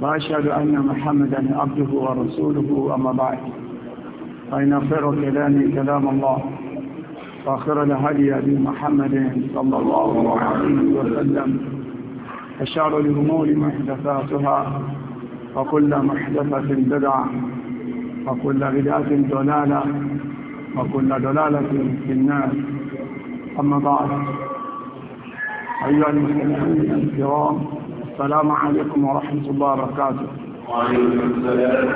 وأشهد أن محمدا عبده ورسوله أما بعد فإن خير كلام كلام الله وخير الهدي أبي محمد صلى الله عليه وسلم أشار الأمور محدثاتها وكل محدثة بدعة وكل بدعة ضلالة وكل ضلالة في النار أما بعد أيها المسلمين الكرام السلام عليكم ورحمة الله وبركاته وعليكم السلام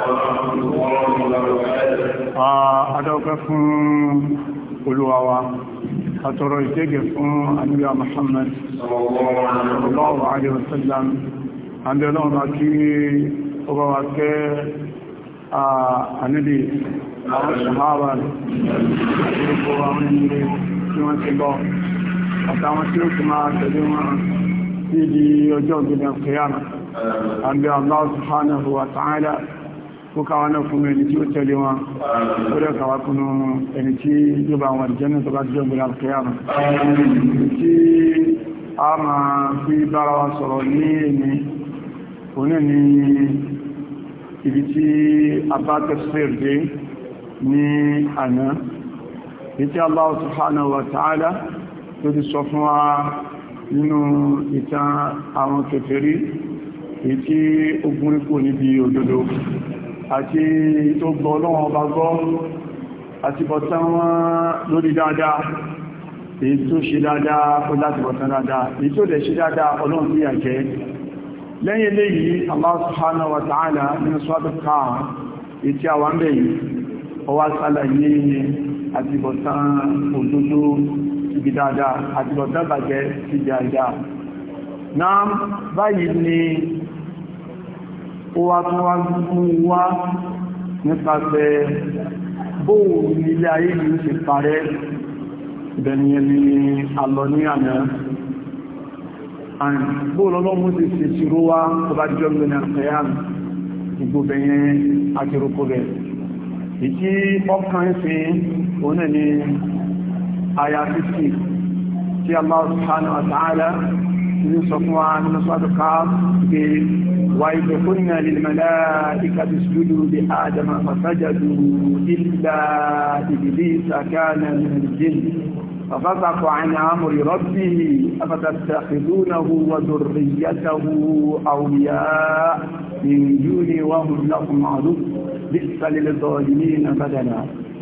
ورحمة الله وبركاته آه، أدوك فم قلوة أترى يتجف محمد صلى الله عليه وسلم عند آه، الله مكي أبوك أنبي الشهابة أترى يتجف أنبي أترى يتجف أترى يتجف síbi ọjọ́ ìgbìyàn kìyàmà àbí Allah subhanahu wa ta'ala kó káwà náà fún ẹni tí ó tẹ̀lé wọn ó rẹ̀ kàwà kúnnú ẹni tí yóò bá wọn jẹ́ nítorí ọjọ́ ìgbìyàn kìyàmà tí a máa fi bára wa sọ̀rọ̀ ní ẹni òní ni ibi tí a bá tafsir ní àná ìtí Allah subhanahu tó ti sọ fún wa nínú ìtàn àwọn kèfèrí èyí tí ó gúnrí kò níbi òdodo àti tó gbọ́ ọlọ́wọ́n ọba gbọ́ àti bọ̀tán wọn lórí dáadáa èyí tó ṣe dáadáa ó láti bọ̀tán dáadáa èyí tó dẹ̀ ṣe dáadáa ọlọ́run ní àjẹ́ lẹ́yìn eléyìí Allah subhanahu wa ta'ala nínú sọ́dọ̀ká ètí àwọn bẹ̀yìn ọwá sálàyé àti bọ̀tán òdodo síbi dáadáa àti lọ dábàjẹ́ síbi dáadáa náà báyìí ni ó wá tún wá mú wá nípasẹ̀ bóò nílé ayé yìí ti parẹ́ ìbẹ̀niyẹni alọ ní àmì àrìn bóò lọ́lọ́mú ti ṣe ṣíró wá tó bá jọ mẹ́rin àfẹ́yàn ìgbòbẹ̀yẹn àti rúkú rẹ̀ ìtí ọkàn آيات السين في الله سبحانه وتعالى من صفوة من صدقاء قلنا للملائكة اسجدوا لآدم فسجدوا إلا إبليس كان من الجن ففسق عن أمر ربه أفتتخذونه وذريته أولياء من دوني وهم لهم عدو بئس للظالمين بدلا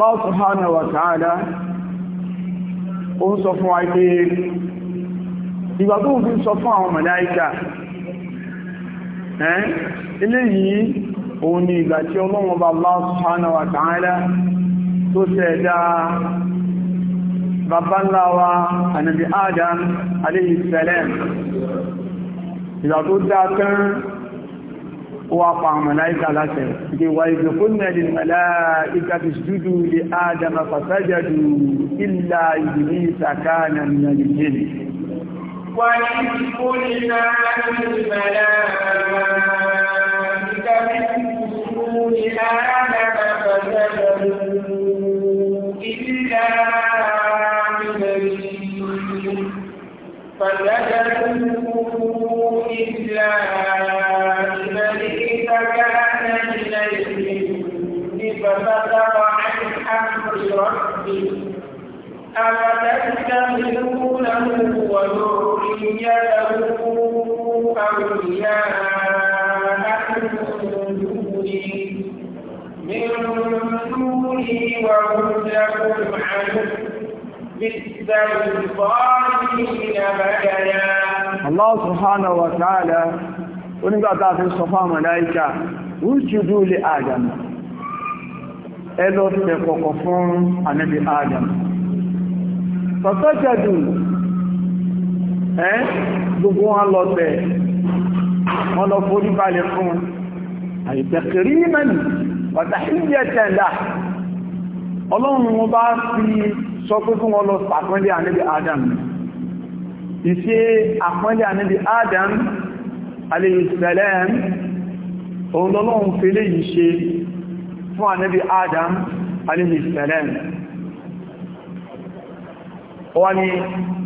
Allah subhanahu wa ta'ala ó ń sọ fún wa pé ìgbà tó ń fi sọ fún àwọn màláíkà ẹ́ eléyìí òun ni ìgbà tí Ọlọ́run bá Allah subhanahu wa ta'ala tó ṣẹ̀dá bàbá ńlá Adam alayhi salam ìgbà tó dá وقع ملائكة لك وإذ قلنا للملائكة اسجدوا لآدم فسجدوا إلا إبليس كان من الجن وإذ قلنا للملائكة اسجدوا لآدم أفتمثونه وذريته أولياء من دوني من دوني وهم لكم عدو بئس الظالمين بدلا الله سبحانه وتعالى onígbà tá a fi sọ fáwọn màláíkà rújúdú lè Adam ẹ lọ tẹ kọ̀kọ̀ fún ànábì Adam sọ́sọ́jẹ̀dù ẹ́ gbogbo wọn lọ bẹ̀ wọn lọ forí balẹ̀ fún àìtẹ̀kẹ̀rí mẹ́rin pàtàkìyẹ̀tẹ̀lá ọlọ́run wọn bá fi sọ pé fún wọn lọ sàpẹ́lẹ̀ àníbi Adam ìṣe àpẹ́lẹ̀ àníbi Adam alẹ́yìnsẹ̀lẹ́m òun lọ́lọ́run fẹ́lẹ̀ yìí ṣe fún àníbi Adam alẹ́yìnsẹ̀lẹ́m wà ní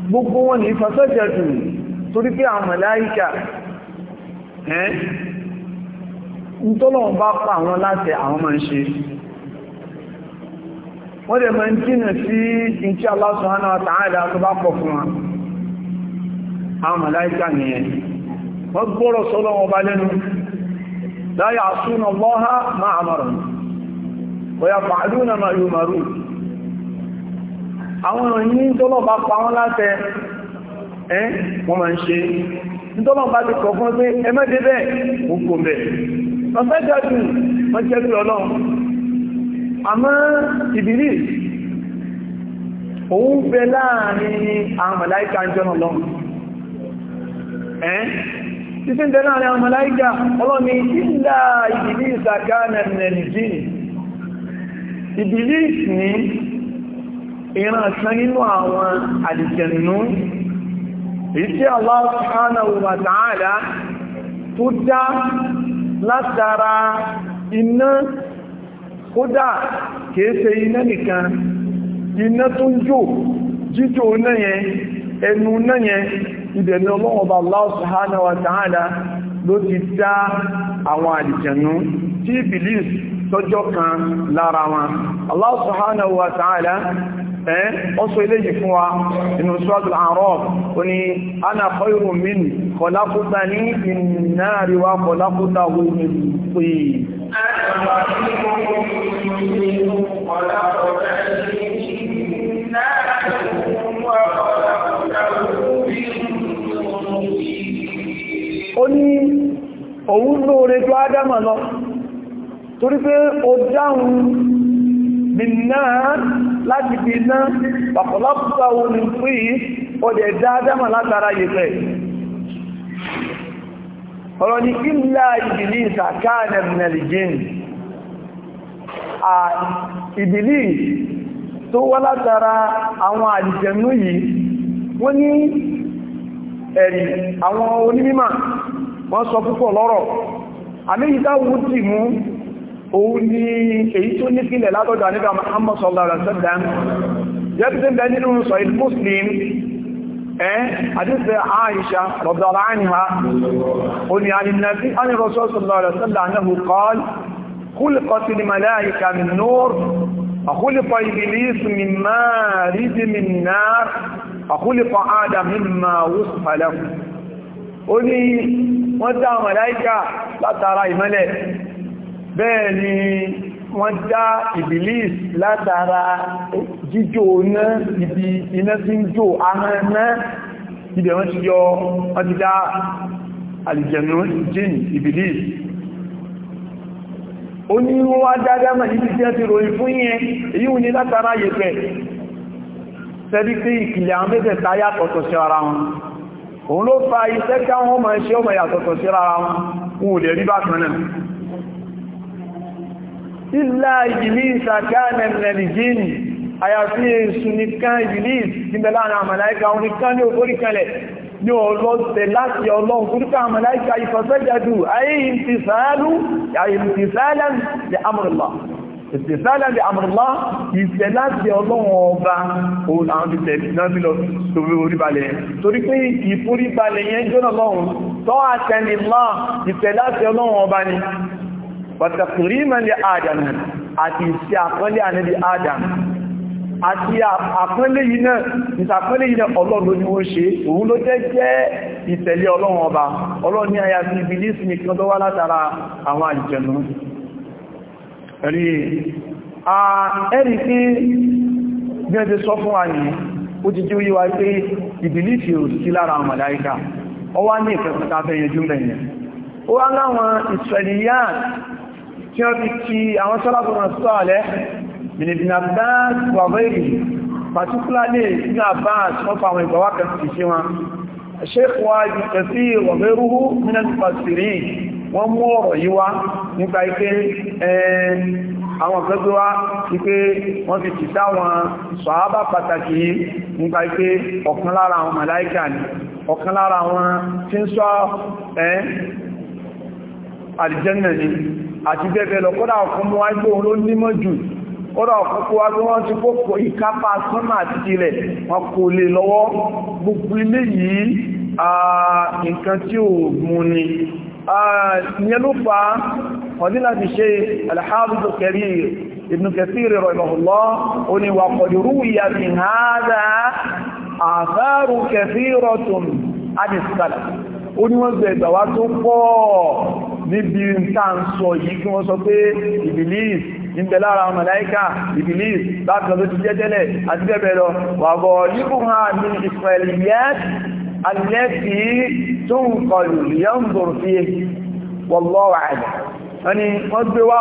gbogbo wọn ní fasajadu torí pé àwọn màláíkà ẹ́ ń tọ́lọ̀ bá pa àwọn láti àwọn máa ń ṣe wọ́n dẹ̀ máa ń jìnà sí ìkí Allah subhanahu wa ta'ala tó bá pọ̀ fún wọn àwọn ya àwọn ìní tọ́lọ̀ bá pa wọ́n látẹ ẹ́ wọ́n máa ń ṣe tọ́lọ̀ bá ti kọ̀ fún pé ẹ mẹ́dé bẹ́ẹ̀ gbogbo bẹ̀ ọ̀fẹ́ wọ́n jẹ́ bí ọlọ́run títí ń bẹ láàrin àwọn màláíkà ọlọ́ni ìlà ìbìrí ìsàkánà nẹ̀lìjì ìbìrí ní ìran kan nínú àwọn àlìjẹ̀nù èyí tí Allah subhanahu wa ta'ala tó dá látara iná kódà kìí ṣe iná nìkan iná tó ń jò jíjò náà yẹn ẹnu náà yẹn ìdẹ̀ni ọlọ́wọ́ba Allah subhanahu wa ta'ala ló ti dá àwọn àlìjẹ̀nù tí Iblis tọ́jọ́ kan lára wọn Allah subhanahu wa ta'ala ẹ́ ọ́sọ iléyìí fún wa inú ana khayrun minhu khalaqtani min ó ní òun lóore tó ádámà lọ ó dáhùn nínà láti fi iná pàpọ̀lọpọ̀ òní fún yìí o dẹ̀ dá ọ̀rọ̀ ni ilá ìbìlì ìsàkáàdẹ̀ mẹ́lìgín ìbìlì tó wá látara àwọn awọn yìí wọ́n ní ẹ̀rì àwọn onímímà wọ́n sọ púpọ̀ lọ́rọ̀ àmì ìdáwó òun ni èyí tó ní sílẹ̀ látọ̀dọ̀ nígbà Muhammad sallallahu alaihi wasallam jẹ́bùsí bẹ nínú sọ ìlú Muslim ẹ́ àdíṣẹ́ Aisha rọ̀bdọ̀lá àníhà o ni alìnàbí anìrọ̀sọ́ sallallahu alaihi wasallam annahu qala خلقت من نور وخلق إبليس من مارد من نار وخلق آدم مما وصف له ó ní wọ́n dá màláíkà látara ìmọ́lẹ̀ bẹ́ẹ̀ ni wọ́n dá ìbìlìs látara jíjò iná ibi iná tí ń jò ahánná ibẹ̀ wọ́n ti yọ wọ́n ti dá àlìjẹ̀nú jíni ìbìlìs ó ní wọ́n wá dáadáma níbi tí wọ́n ti ròyìn fún yẹn èyí wù ní látara yẹ̀pẹ̀ tẹ́bí pé ìkìlẹ̀ òun ló fa iṣẹ́ káwọn ọmọ ẹṣẹ́ ọmọ yàtọ̀tọ̀ sí ara wọn wọn ò lè rí bákan náà ìlà ìbìlìs àkáàmẹ̀ nàìjíríì àyàfí èsù nìkan ìbìlìs níbẹ̀lá àwọn àmàláìkà wọn nìkan ní òkórí kalẹ̀ ní ọlọ́tẹ̀ láti ọlọ́run kúrúkà àmàláìkà ìfọ̀sẹ́jàdù ayé ìtìsáàlù ìtìsáàlá bí àmàrùlá ìfẹ́ láti ọlọ́run ọba òun àwọn ti tẹ̀lé náà bí lọ tó fi oríbalẹ̀ yẹn torí pé ìforíbalẹ̀ yẹn jọ́nà pàtàkìrímọ̀ lè adam àti ìsẹ́ àpọ́lé ànábì adam àti àpọ́lé yìí náà ìsàpọ́lé yìí náà ọlọ́run ni wọ́n ṣe òun ló jẹ́ jẹ́ ìtẹ̀lé ọlọ́run ọba ọlọ́run ní àyà sí ibilis nìkan tó wá látara àwọn àjẹ̀nú rí ẹ̀rí pé bí ẹ ti sọ fún wa ní ó ti jí wíwá pé ní ìfẹ́kùn tafẹ́ yẹjú ó wá láwọn ìsọ̀lìyàn tí wọ́n fi ti àwọn sọ́lábùnà sọ́ọ̀lẹ́ minibinabas wàwẹ́rì particularly ní àbáàs wọ́n fa àwọn ìgbàwà kan ti ṣe wọn ṣékwà ìtẹ̀sí wàwẹ́rúhú minibasiri wọ́n mú ọ̀rọ̀ yí wá nípa ipé àwọn ọ̀gbẹ́gbẹ́ wá ipé wọ́n fi ti sáwọn sọ̀hábà pàtàkì nípa ipé ọ̀kan lára àwọn màláìkà ni ọ̀kan lára àwọn tí ń sọ àlìjẹ́nà ni àti bẹ́ẹ̀ lọ kọ́dà ọkùn mú wájú òun ló nímọ̀ jù kọ́dà ọkùn kó wájú wọ́n ti kó kò ìkápá sọ́nà àti ilẹ̀ wọn kò lè lọ́wọ́ gbogbo ilé yìí nǹkan tí ò mú ni ìyẹn ló fa ọdílà ti ṣe alhábùdó kẹrí ibn Kathir rahimahullah ó ní wà pọ̀dúrú ìyà min hadha àfẹ́rù kẹfí rọ̀tùn adìsálà ó ní wọ́n gbẹ̀ ìgbà wá tó pọ̀ níbi tá ń sọ yìí kí wọ́n sọ pé ìbìlìs ìbẹ̀ lára màláíkà ìbìlìs bákan tó ti jẹ́ tẹ́lẹ̀ àti bẹ́ẹ̀ bẹ́ẹ̀ lọ wàbọ̀ yíkùnhà ní ìsraeliyat alẹ́sì tó ń kọlù yọ́nbùrù fi wọ́lọ́wà àdà wọ́n ni wọ́n gbé wá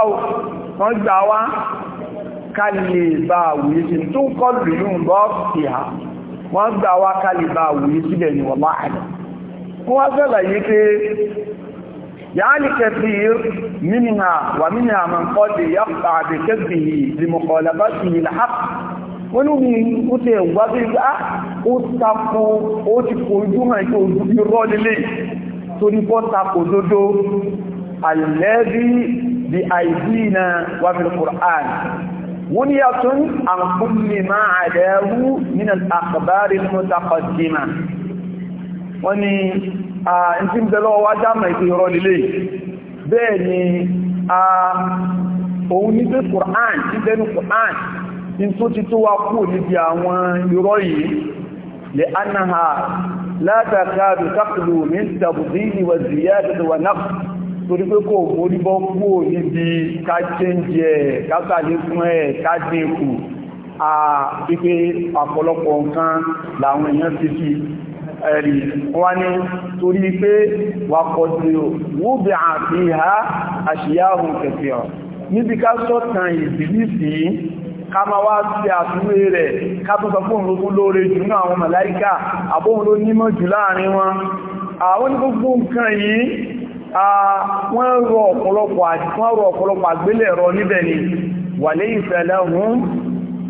gbà wá kálẹ̀ wùí sí tó wọ́n gbà wá kó wá sàlàyé pé yàálì kẹfìr mínìhà wà mínìhà mọ̀kọ́ di yàpá àti kẹfì ìdìmọ̀kọ̀lẹ́bá sí ìlàhà wọ́n ní ó ti ẹ̀wà bí i ah, ó tako ó ti fojú hàn wọ́n ni yàtún àkúnlè máa àdẹ́rú nínú àkàbárí mọ́tàkọ̀dìmá wọ́n ni a ń tí ń bẹ lọ́wọ́ wá dámà ìpé ìrọ́ lílé bẹ́ẹ̀ ni a òun ní pé Qur'an tí bẹnu Qur'an in tó ti tó wá kú níbi àwọn ìrọ́ yìí lè annaha látàkàdù tàkùlù ní tàbùdíni wà ziyadatu wà náà torí ẹ̀rí wọ́n ní torí pé wàkọ̀dìrò wúbí àti ìhá àṣíyáhùn kẹfẹ́ ọ̀ níbi ká sọ́tàn ìbìlìsì ká ma wá sí àtúwé rẹ̀ ká tó sọ fún ológun lóore jù náà àwọn màláíkà àbóhun ló nímọ̀ jù láàrin wọn àwọn ní gbogbo níbẹ̀ ni wà lẹ́yìn fẹ̀lẹ́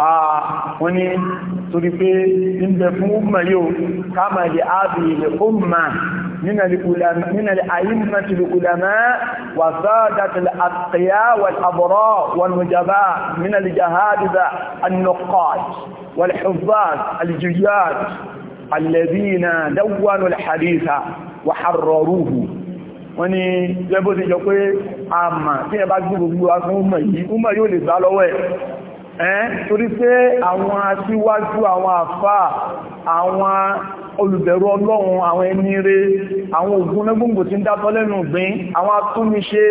wọ́n ní torí pé níbẹ̀ fún ọmọ yóò káàmà lè ábì ilẹ̀ ọmọ nínàlẹ̀ àyíkàtì lùkùlẹ̀mẹ́ wà sáàdàtìlẹ̀ àtìyà wàl'àbọ̀rọ̀ wàl'mùjàbá nínàlẹ̀ jahadiza annukot wàl'hufaz aljiyat alẹ́bìnà dáwọn alhadisa wà harroruhu wọ́n ní jẹ́bó ti jọ pé a mà tí ẹ bá gbogbo agbóhùn mọ̀ yìí ẹ́ torí pé àwọn aṣíwájú àwọn àfá àwọn olùbẹ̀rù ọlọ́run àwọn ẹni rẹ̀ àwọn ògùn lẹ́gbùngbò tí ń dátọ́ lẹ́nu ìgbín àwọn atúnmiṣe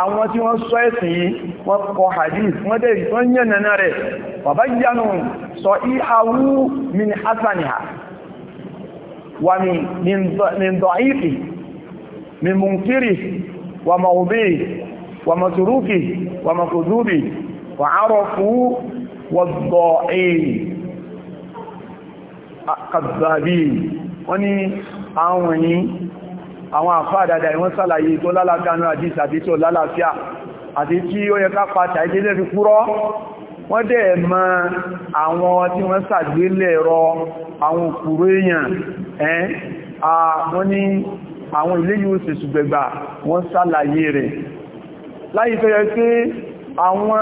àwọn tí wọ́n sọ ẹ̀sìn wọ́n kọ hadith wọ́n dẹ̀ wọ́n yẹ̀nà rẹ̀ bàbá yanu sọ ìhàwú min hasaniha wa min da'ifi wa wa wa وعرفوا والضائعين كذابين wọ́n ní àwọn ní àwọn àfáà dáadáa ìwọ́n sàlàyé tó lálàkánú àdísà àti tó lálàáfíà àti tí ó yẹ ká pàtà ìdílé fi kúrọ́ wọ́n dẹ̀ mọ àwọn tí wọ́n sàgbélẹ̀ ẹ̀rọ àwọn òkúrò èèyàn ẹ́n àwọn ní àwọn ilé yóò sì ṣùgbẹ̀gbà wọ́n sàlàyé rẹ̀ láyé tó yẹ pé àwọn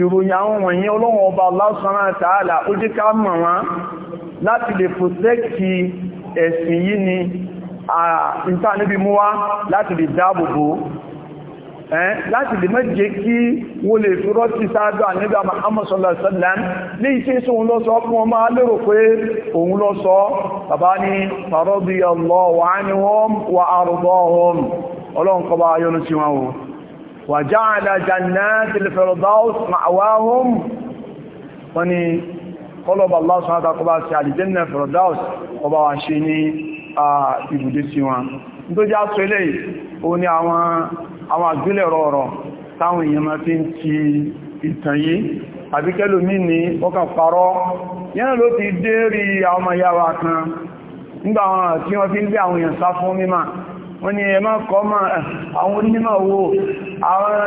ìròyìn àwọn wọ̀nyí ọlọ́wọ̀n ọba Allah subhanahu wa ta'ala ó jẹ́ ká mọ̀ wọ́n láti lè pòtẹ́kì ẹ̀sìn yìí ni à ìta níbi mú wá láti lè dáàbòbò láti lè mẹ́jẹ kí wó lè fúrọ́ sí sáájú àníbà Muhammad sallallahu alaihi wasallam ní iṣẹ́ sí òun lọ sọ fún ọmọ alérò pé òun lọ sọ bàbá ní radiyallahu anhum wa ardahum ọlọ́nkọba ayọ́nu sí wọn وجعل جنات الفردوس مأواهم وني قلب الله سبحانه وتعالى sí àlìjẹ́nà Firdaus ọba wa ṣe ní ibùdó sí wọn tó já sọ ilé o ní àwọn àgbílẹ̀ rọrọ̀ táwọn èèyàn máa fi ń ti ìtàn yìí àbíkẹ́lò mí ní ọkà parọ́ yẹ́nà ló ti dé rí àwọn ọmọ yáwa kan nígbà wọn tí wọ́n fi ń gbé àwọn èèyàn sá fún mímọ̀ wọ́n ni ẹmá kọ́ máa àwọn onímọ̀ wo àwọn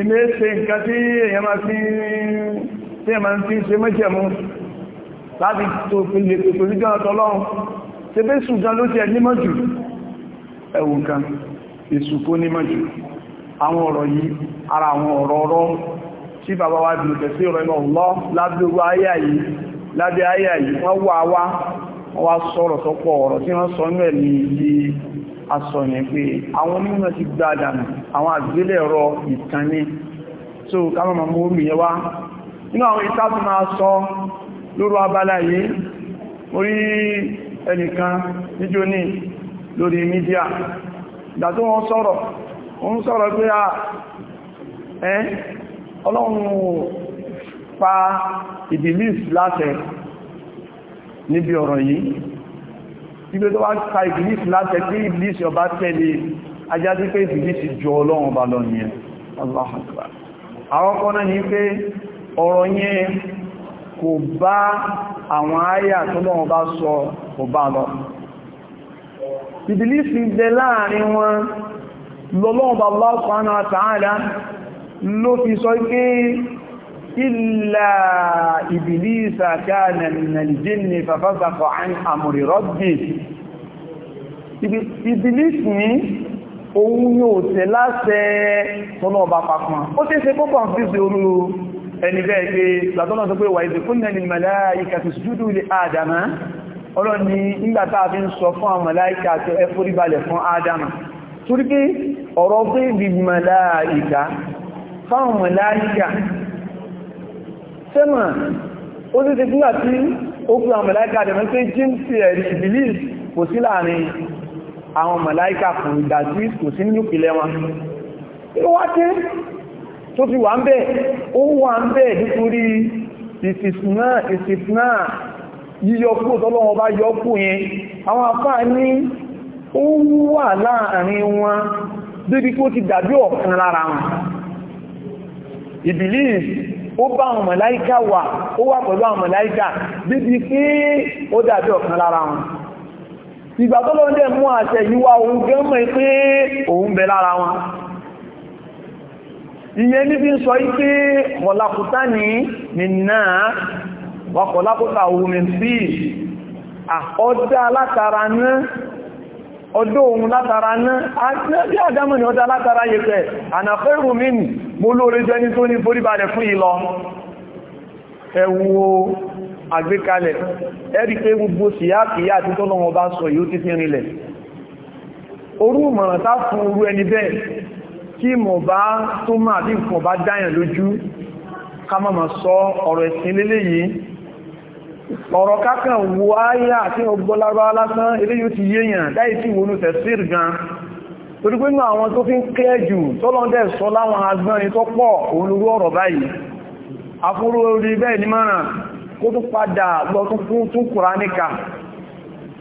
ilé ṣe nǹkan tí èyàn máa fi tí èyàn máa fi ṣe mẹ́jẹ̀mú láti tó fi lè pèpè ní jọ́nà tọ́lọ́run tí bẹ́ ṣùgbọ́n ló ti ẹ̀nímọ̀ jù ẹ̀wù kan ìṣùkó nímọ̀ jù àwọn ọ̀rọ̀ yìí ara àwọn ọ̀rọ̀ ọ̀rọ̀ tí bàbá wa dùn tẹ̀sí ọ̀rọ̀ ìmọ̀ lọ lábẹ́ ayà yìí lábẹ́ ayà yìí wọ́n wà wá wọ́n wá sọ̀rọ̀ sọ́pọ̀ ọ̀rọ̀ tí wọ́n sọ ní ẹ̀mí yìí asọ̀yìn pé àwọn onímọ̀ ti gbá dànù àwọn àgbélẹ̀ ẹ̀rọ ìkànnì tó kámọ́mọ́ omi yẹ wá inú àwọn máa sọ lórí abala yìí orí ẹnìkan níjó ní lórí mídíà ìgbà wọ́n sọ̀rọ̀ wọ́n a ẹ́ pa ìbìlìs láṣẹ níbi ọ̀rọ̀ ibi tó bá ń ka ìbìlìsì láti tí ìbìlìsì ọba tẹ́lẹ̀ ajásí pé ìbìlìsì jọ ọlọ́run bá lọ yẹn àwọ́kọ́ náà ní pé ọ̀rọ̀ yẹn kò bá àwọn àyà tó lọ́wọ́ bá sọ kò bá lọ ìbìlìsì jẹ láàrin wọn lọ́lọ́run náà tààdá ló fi إلا إبليس كان من الجن ففسق عن أمر ربه Iblis ni òun yóò tẹ̀ láṣẹ tọ́lọ̀ ọba pàpàá. Ó tẹ́ ṣe púpọ̀ fi ṣe orú ẹni bẹ́ẹ̀ pé látọ́nà tó pé wà ìdè fún ẹni màláíkà ti sùjúdù lè Ádámà. Ọlọ́ni ìgbàtà fi ń sọ fún àwọn màláíkà tó ẹ foríbalẹ̀ fún Ádámà. Torí pé ọ̀rọ̀ pé ìdè màláíkà fáwọn màláíkà sẹ́mà ó ti ti fúnlá tí ó pín àwọn mẹ̀láíkà dẹ̀mọ́ pé jíǹsì ẹ̀rí ìbìlì kò sí láàrin àwọn mẹ̀láíkà fún ìdàtí kò sí nínú ìpìlẹ̀ wọn ìwádé tó fi wà ń bẹ̀ ó wà ń bẹ̀ nítorí ìsìsìnà ìsìsìnà yíyọkú tọ́lọ́wọ́ bá yọkú yẹn àwọn afá ní ó wà láàrin wọn débi kó ti dàbí ọ̀kan lára wọn ìbìlì ó bá àwọn màláíkà wà ó wà pẹ̀lú àwọn màláíkà bíbi pé ó dàbí ọ̀kan lára wọn ìgbà tó lọ́wọ́ dẹ̀ mú àṣẹ yìí wá òun gẹ́ mọ̀ pé òun bẹ lára wọn ìyẹn níbi sọ pé kọ̀lákútà ní nìna wà kọ̀lákútà òun sí ọdá látara náà ọdọ́ òun látara náà bí àdámọ̀ ni ọdá látara yẹ pẹ̀ ànàfẹ́ rùmínì mo lóore jẹ́ ní tó ní foríbalẹ̀ fún ìlọ ẹ wo àgbékalẹ̀ ẹ rí pé gbogbo síyákìyà àti tọ́lọ́wọ́ bá sọ yóò ti fi rinlẹ̀ orú ìmọ̀ràn tá fún orú ẹni bẹ́ẹ̀ kí mọ̀ bá tó máa bí nǹkan bá dáyàn lójú ká má máa sọ ọ̀rọ̀ ẹ̀sìn lélé yìí ọ̀rọ̀ kákan wo áyà tí ó gbọ́ eléyìí ti yéèyàn dáì wọnú tẹ̀sír gan torí pé ní àwọn tó fi ń kẹ́ jù tọ́lọ́dẹ̀ sọ láwọn agbọ́nrin tó pọ̀ olúrú ọ̀rọ̀ báyìí afúrú orí bẹ́ẹ̀ ní márùn kó tún padà lọ tún fún tún kùránìkà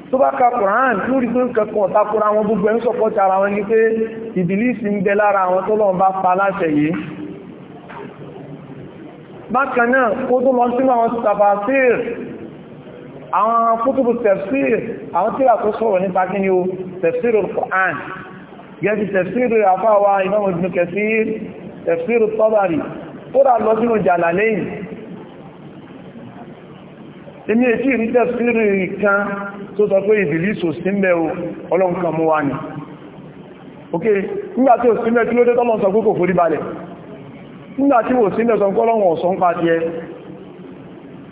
tó bá ka kùrán lórí pé kẹkọ̀ọ́ takura wọn gbogbo ẹ̀ ń sọpọ̀ tara wọn ní pé ìbìlísì ń bẹ lára àwọn tọ́lọ́run bá pa láṣẹ yìí bákan náà kó tó lọ sínú àwọn tafsir àwọn kútùbù tafsir àwọn tíra tó sọ̀rọ̀ nípa kí ni o tafsirul Qur'an gẹ́gẹ́ tafsir àfáwà Imam Ibn Kathir tafsir Tabari tó rà lọ sínú jàlà lẹ́yìn inú ètí ìrí tafsir kan tó sọ pé ìbìlì sò símbẹ̀ ọlọ́nkan mú ni ok nígbàtí ò símbẹ̀ kí ló dé tọ́lọ́ sọ kókò forí balẹ̀ nígbàtí ò símbẹ̀ sọ kọ́lọ́wọ̀n ọ̀sán pàtí ẹ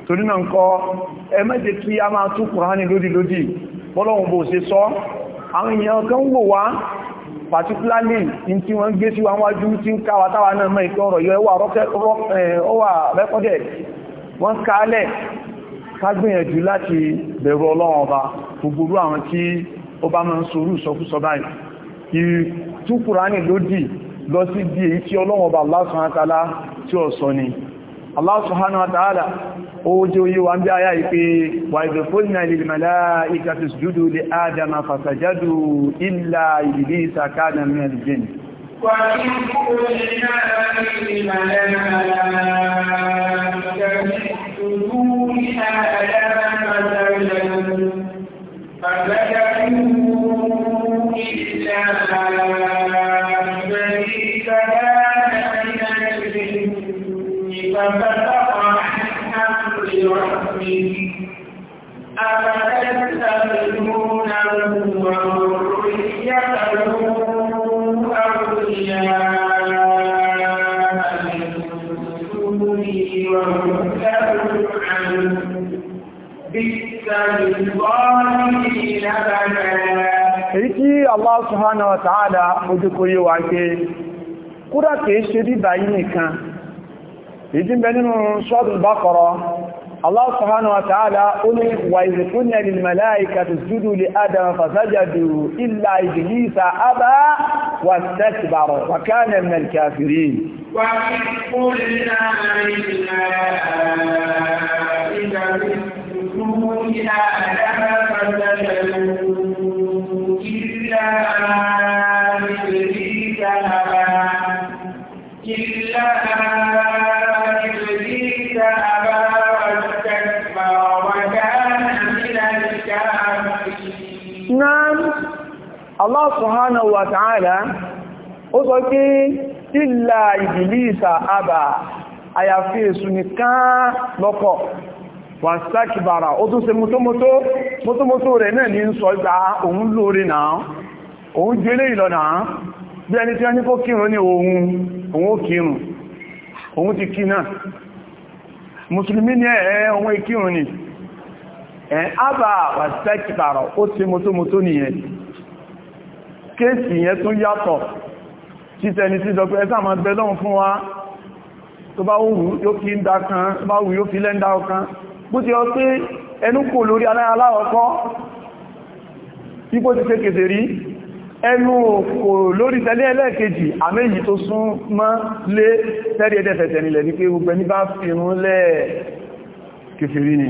torí náà kọ́ ẹ mẹ́jẹ̀ kí a máa tú Kùránì lódìlódì àwọn èèyàn kan wò wá particularly in tí wọ́n gbé sí wọn wájú tí ń káwà táwà náà mọ́ ìpín ọ̀rọ̀ yóò wà recorded wọ́n kálẹ̀ kágbìyànjú láti bẹ̀rù ọlọ́run ọba gbogbo àwọn tí ó bá máa ń sorú ìsọkúsọ báyìí ìtúkùránì lódì lọ sí bí èyí tí ọlọ́run ọba Allah Subhanahu wa ta'ala tí ó sọ ni Allah subhanahu wa ta'ala ojo yi wa nbi aya ipe wa idh qulna lil malaikati isjudu li adama fasajadu illa iblisa kana min al jinn wa idh qulna lil malaikati isjudu li adama fasajadu fasajadu illa iblisa kana فبلغ عن حمل رحمه أفتستبدلونه وذريته أولياء من دونه ومهتدون عنه بئس للظالمين بدلا èyí tí Allah Subhanahu wa ta'ala ojú kò yíwa pé kúrò kìí ṣe bíbá yìí nìkan يجب أن ننصد البقرة الله سبحانه وتعالى قل وإذ كنا للملائكة تسجدوا لآدم فسجدوا إلا إبليس ابى واستكبر وكان من الكافرين وإذ قلنا إلا آدم فسجدوا إلا إبليس أبا إلا naan ala'afuha na uwata aida o so ki ila ibili isa abu aya loko wasa kibara o to se moto moto re na ni n so da oun lori naa oun jele ilo naa bi eni ti onipo kirun ni owon owo kirun oun ti kina musulmini e owo ikirun ni àbà wàsẹ́kìtàrọ̀ ó ti mútúmútú nìyẹn kéèsì yẹn tún yàtọ̀ títẹni tí sọ pé ẹsà máa bẹ́lọ́n fún wa tó bá wù yóò fi ń dá kan tó bá wù yóò fi lẹ́ndà ọkan bó ti ọ pé ẹnu kò lórí aláwọ̀kọ́ ipò ti ṣe kèsè rí ẹnu kò lórí tẹ́lẹ̀ ẹlẹ́ẹ̀kejì àmẹ́yìn tó sún mọ́ lé tẹ́rì ẹ̀dẹ́fẹ̀tẹ̀ nílẹ̀ ní pé gbogbo ẹni bá fi rún lẹ́ẹ̀ kèsè rí ni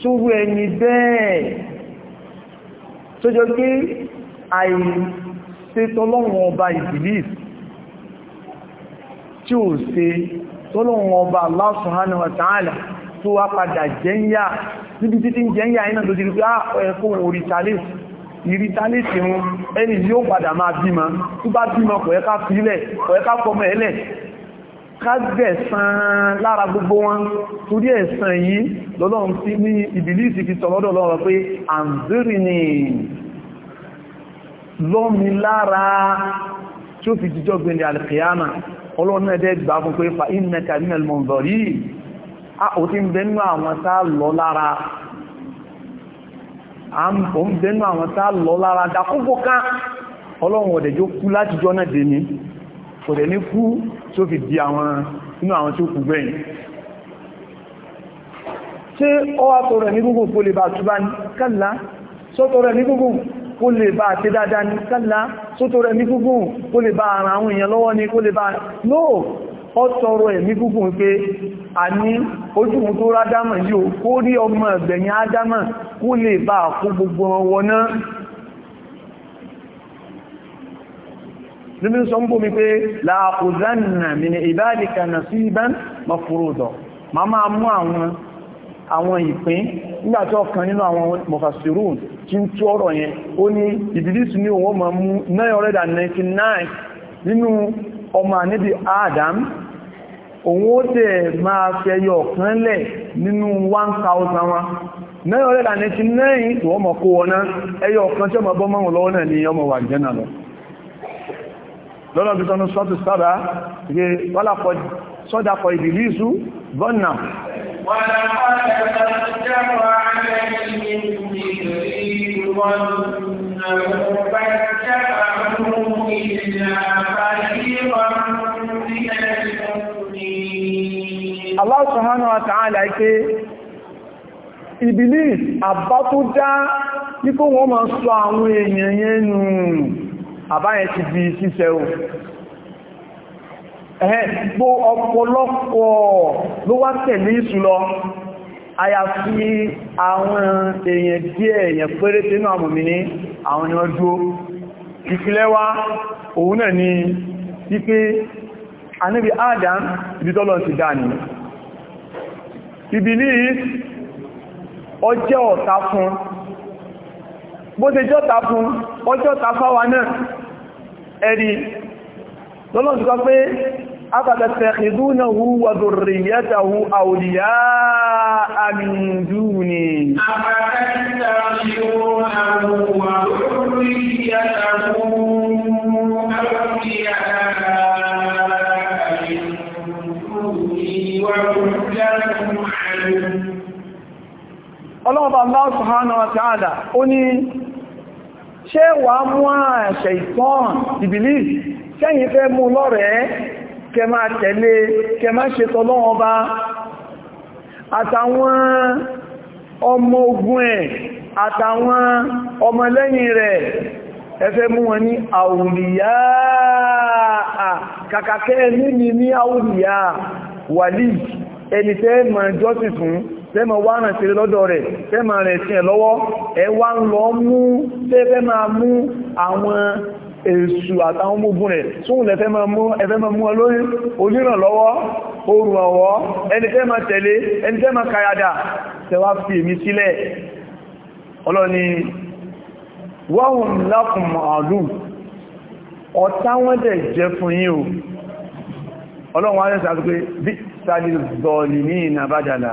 sówú ẹni bẹ́ẹ̀ tó jọ pé àìsẹ́ tọ́lọ́wọ́n ọba ìbìlìs tí ó se tọ́lọ́wọ́n ọba Allah subhanahu wa ta'ala tó wá padà jẹ́yà níbi títí jẹ́yà iná tó jìrì pé ah, ẹ̀kọ́ orítalẹ́sì ìrítalẹ́sì wọn ẹni yóò padà máa bímọ tó bá bímọ kọ̀ẹ́ká fílẹ̀ kọ̀ẹ́ká fọmọ ẹlẹ̀ kágbẹ̀sán lára gbogbo wọn torí ẹ̀sàn yìí lọ́lọ́run tí ní ìbìlìsì fi sọ̀rọ̀dọ̀ lọ́rọ̀ pé àǹzírí ni lọ́mi lára tí ó fi jíjọ́ gbẹ̀lẹ̀ alìkìyàmà ọlọ́run ẹ̀dẹ́ fa innaka minal a ò ti ń bẹnu àwọn tá lọ lára a ń bọ̀ ń bẹnu àwọn kò dẹ̀ ní kú tó fi di àwọn inú àwọn tí ó kù gbẹ̀yìn ṣé ó wá tọrọ ní gúgùn kó lè bá túbá ní kálá só ní gúgùn kó lè bá àti dáadáa ní kálá só ní gúgùn kó lè bá ara àwọn èèyàn lọ́wọ́ ní kó lè bá no ó tọrọ ẹ̀mí gúgùn pé a ní ojúmù tó rádámà yìí ó kó rí ọmọ ẹ̀gbẹ̀yìn ádámà kó lè bá àkó gbogbo wọn náà níbi sọ ń bó mi pé láàkùzánà mi ni ìbádìkà nà sí ibán mafúrúdọ̀ ma máa mú àwọn àwọn ìpín nígbàtí ọ̀kan nínú àwọn mọ̀fàṣírùn tí ń tú ọ̀rọ̀ yẹn ó ní ìbìlìsì ní òun ma mú 999 nínú ọmọ àníbi Adam òun ó tẹ̀ máa fẹ́yọ ọ̀kan lẹ̀ nínú 1000 wọn 999 tí wọ́n mọ̀ kó wọ́n náà ẹyọ ọ̀kan tí ọmọ bọ́mọ̀ lọ́wọ́ náà ni ọmọ wà jẹ́ lọ lọ́nà bí sọ́nà sọ́tù sábà ṣe wọ́lápọ̀ sọ́dàpọ̀ ìdìlì bọ́nà Allah subhanahu wa ta'ala ike Ìbìlì àbá tó dá ní kó wọ́n máa sọ àwọn èèyàn yẹn àbáyẹn ti bí ṣíṣẹ́ o ẹ̀ẹ́gbó ọ̀pọ̀lọpọ̀ ló wá tẹ̀lé ìsù lọ àyàfi àwọn èèyàn díẹ̀ èèyàn péré tínú àmùmí ní àwọn ni wọ́n dúó ìfilẹ́ wá òun náà ni wípé anábi Adam ìdítọ́lọ̀ ti dà ní Ìbílísì ó jẹ́ ọ̀tá fún bó ṣe jọ́ta fún ọjọ́ ta fáwa náà ẹ̀rí lọ́lọ́ ti sọ pé أفتتخذونه وذريته أولياء من دوني أفتتخذونه وذريته أولياء من دوني وكلهم عدو الله سبحانه وتعالى أني ṣé wàá mú àṣẹ ìtàn ìbìlì ṣẹ́yìn fẹ́ mú lọ́rẹ̀ẹ́ kẹ máa tẹ̀lé kẹ máa ṣe tọ́lọ́wọ́n bá àtàwọn ọmọ ogun ẹ̀ àtàwọn ọmọlẹ́yìn rẹ̀ ẹfẹ́ mú wọn ní àwùlìyà kàkàkẹ́ ni ní àwùlìyà wàlí ẹni tẹ́ mọ̀ jọ́sì fún tẹ́mọ̀ wá rẹ̀ sí lọ́dọ̀ rẹ̀ tẹ́mọ̀ rẹ̀ sí ẹ̀ lọ́wọ́ ẹ wá ń lọ mú tẹ́fẹ́ máa mú àwọn èṣù àtàwọn múgún rẹ̀ tún lẹ́fẹ́ máa mú ẹfẹ́ máa mú olórí onírànlọ́wọ́ orùn ọ̀wọ́ ẹnitẹ́ máa tẹ̀lé ẹnitẹ́ máa kayada tẹwà fi èmi ọlọ́run wá rẹ̀ sàtúpé bí sàdìzọ̀lì ní ìnàbádàlá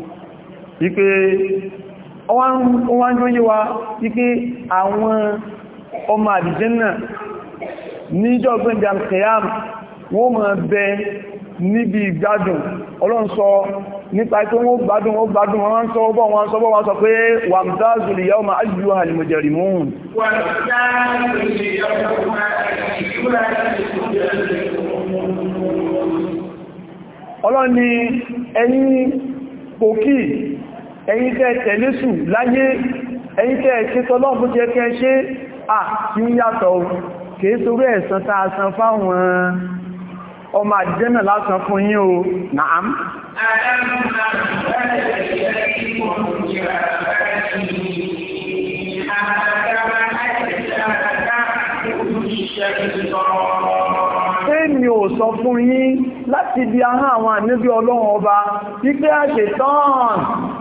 wípé wọ́n jọ yíwa wípé àwọn ọmọ àdìjẹ́nà níjọ́ gbẹ́ndì alkiyam wọ́n máa bẹ níbi ìgbádùn ọlọ́run sọ nípa ikú wọ́n gbádùn wọ́n gbádùn wọ́n sọ bọ́ wọ́n sọ bọ́ wọ́n sọ pé wà ń dá zùlì yàwó ma ájú yóò hàlì mọ̀jẹ̀rì mún ọlọ́run ni ẹ̀yin pòkí ẹ̀yin tẹ́ tẹ̀lé sù láyé ẹ̀yin tẹ́ ṣe tọ́lọ́bù jẹ́ kẹ́ ṣe à kí ń yàtọ̀ kìí sórí ẹ̀san tá a san fáwọn ọmọ àjẹ́nà lásán fún yín o nàám Ṣé mi ò sọ fún yín láti di ahán àwọn àníbí ọlọ́run ọba wípé àṣetán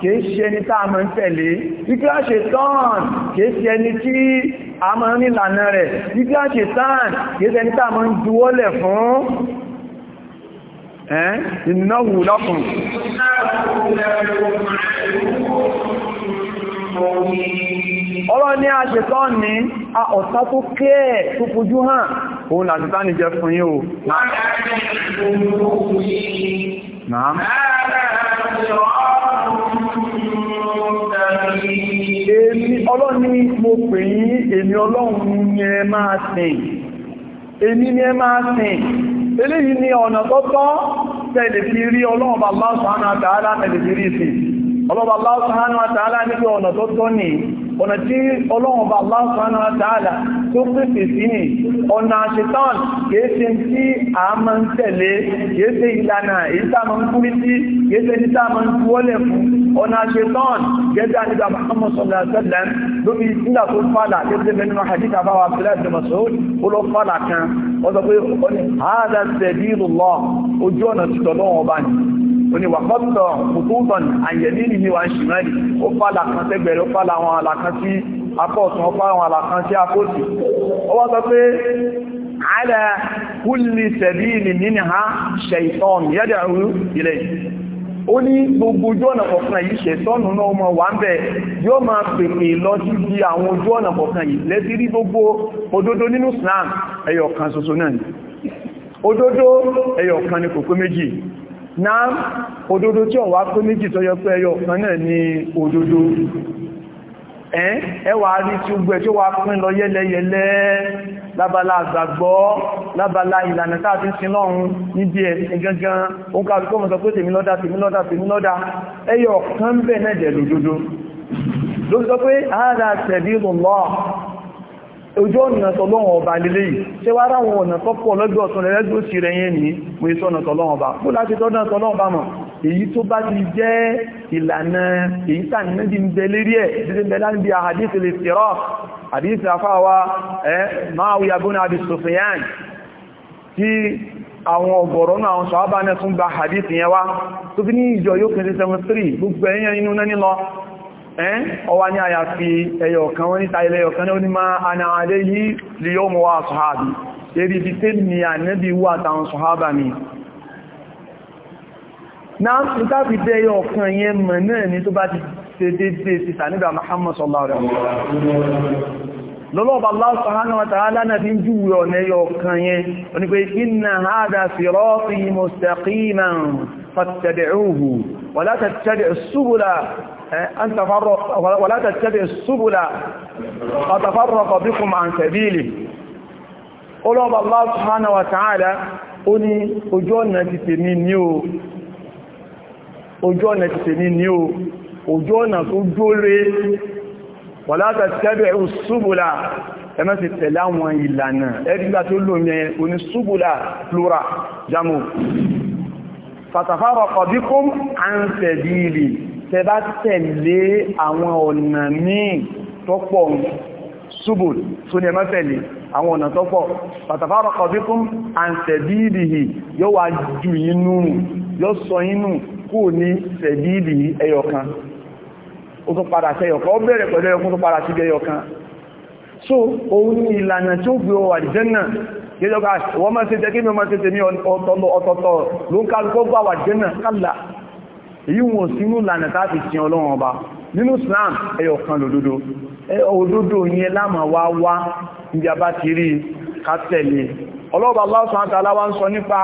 kìí ṣe ẹni tá a máa ń tẹ̀lé wípé àṣetán kìí ṣe ẹni tí a máa ń nílànà rẹ̀ wípé àṣetán kìí ṣe ẹni tá a máa ń juwọ́lẹ̀ fún ìnáwó lọ́kùn Thank you. ọ̀rọ̀ ní àṣetọ́ ní ọ̀tá tó kẹ́ẹ̀ tó fojú hàn òun láti tánì jẹ fún yín Èmi ni ẹ máa sìn. Eléyìí ni ọ̀nà tọ́tọ́ tẹ́lẹ̀ fi rí ọlọ́run bàbá sọ́nà tààdá tẹ́lẹ̀ fi rí ìsìn. ọlọ́ba Allah subhanahu wa ta'ala níbi ọ̀nà tó tọ́ ní ọ̀nà tí ọlọ́ọ̀ba Allah subhanahu wa ta'ala tó pèsè sí ní ọ̀nà ṣetán kéèṣe tí a máa ń tẹ̀lé kéèṣe ìlànà ìtàmà ń kúrí sí kéèṣe ìtàmà ń kúwọ́lẹ̀ fún ọ̀nà ṣetán gẹ́gẹ́ nígbà Muhammad sallallahu alaihi wasallam lóbi nígbà tó oníwàkọ́tọ̀ kùtùntàn àyẹ̀lì ní wa ń ṣì mẹ́rin ó fàlà kan tẹ́gbẹ̀rẹ̀ ó fàlà àwọn àlàkan sí apọ̀tún ó fàlà àwọn àlàkan sí apọ̀tún ó wá sọ pé ala kulli sabili minha shaytan yad'u ilayhi ó ní gbogbo ojú ọ̀nà kọ̀ọ̀kan yìí ṣẹ̀tọ́nù náà mọ̀ wà ń nínú Islam ẹyọ̀kan ṣoṣo náà ni òdodo ni kò náà òdodo tí ọ̀wá pé méjì tó yọ pé ẹyọ kan náà ni òdodo ẹwà rí tí ó gbẹ̀ tí ó wà pín lọ yẹ́lẹ́yẹ́lẹ́ lábala àgbàgbọ́ lábala ìlànà tàbí sin lọ́run níbi ẹ̀sìn gangan ó kan ojú ọ̀nà tọ́lọ́wọ̀n ọba lílé yìí ṣe wá ráwọn ọ̀nà tọ́pọ̀ lọ́gbọ̀ ọ̀tún lẹ́lẹ́gbẹ̀ sí rẹ̀ yẹn ní wèsọ́ ọ̀nà tọ́lọ́wọ̀n ọba kó láti tọ́dán tọ́lọ́wọ̀n ọba mọ̀ èyí tó bá ti jẹ́ ìlànà èyí tàníjì ń bẹ lérí ẹ̀ títí bẹ láti bí àhàdíṣì lè fẹ́rọ àdíṣì afáwa ẹ máa wí abúna àbí sofiyan tí àwọn ọ̀gọ̀rọ̀ náà àwọn sọ̀hábà náà tún gba àhàdíṣì yẹn wá tó fi ní ìjọ yóò kẹsẹ̀ 73 gbogbo ẹ̀yẹn inú náà nílọ ẹ́n ọwá ní àyà fi ẹyọ kan wọ́n níta ilẹ̀ ọ̀kan ní onímá àna àdé yìí lè yọ́ mọ́ wá sọ́hábì lérí fi tẹ́ ní ànẹ́bí wà táwọn sọ́hábà mi náà fi tábí tẹ́ ẹyọ ọ̀kan yẹn mọ̀ náà ní tó bá ti ṣe dédé ti sàníbà Muhammad sallallahu ولا تتبع السبل أن تفرق ولا تتبع السبل فتفرق بكم عن سبيله ọlọ́ọ̀bà Allah subhanahu wa ta'ala ó ní ojú ọ̀nà ti tèmi ní o ojú ọ̀nà ti tèmi ní o ojú ọ̀nà tó jóre wala tattabi'u subula ẹmẹ́ ti tẹ̀lé àwọn ìlànà ẹgbígbà tó lò yẹn oní subula plural jamu fatafarraqa bikum an sabili tẹ bá tẹ̀lé àwọn ọ̀nà míì tọ́pọ̀ ṣubùl tó ní ẹmọ́ tẹ̀lé àwọn ọ̀nà tọ́pọ̀ pàtàfàrọ̀kọ̀ bí fún àǹsẹ̀bíìdìhì yóò wá jù inú yóò sọ inú kú ní sẹ̀bíìdìhì ẹyọkan ó tún padà sí ẹyọkan so òun ni ìlànà tí ó gbé ọwà jẹ́nà yẹ́jọ́gbà wọ́n máa ṣe jẹ́ kí mi ọ̀tọ̀ọ̀tọ̀ ló ń kálukọ́ gbà wà jẹ́nà kálà èyí wọn sínú lànà káàfi sin ọlọ́run ọba nínú Islam ẹyọ kan lòdodo òdodo yẹn láàmà wá wá níbi a ti rí ká e. ọlọ́ọ̀bà wa ń sọ nípa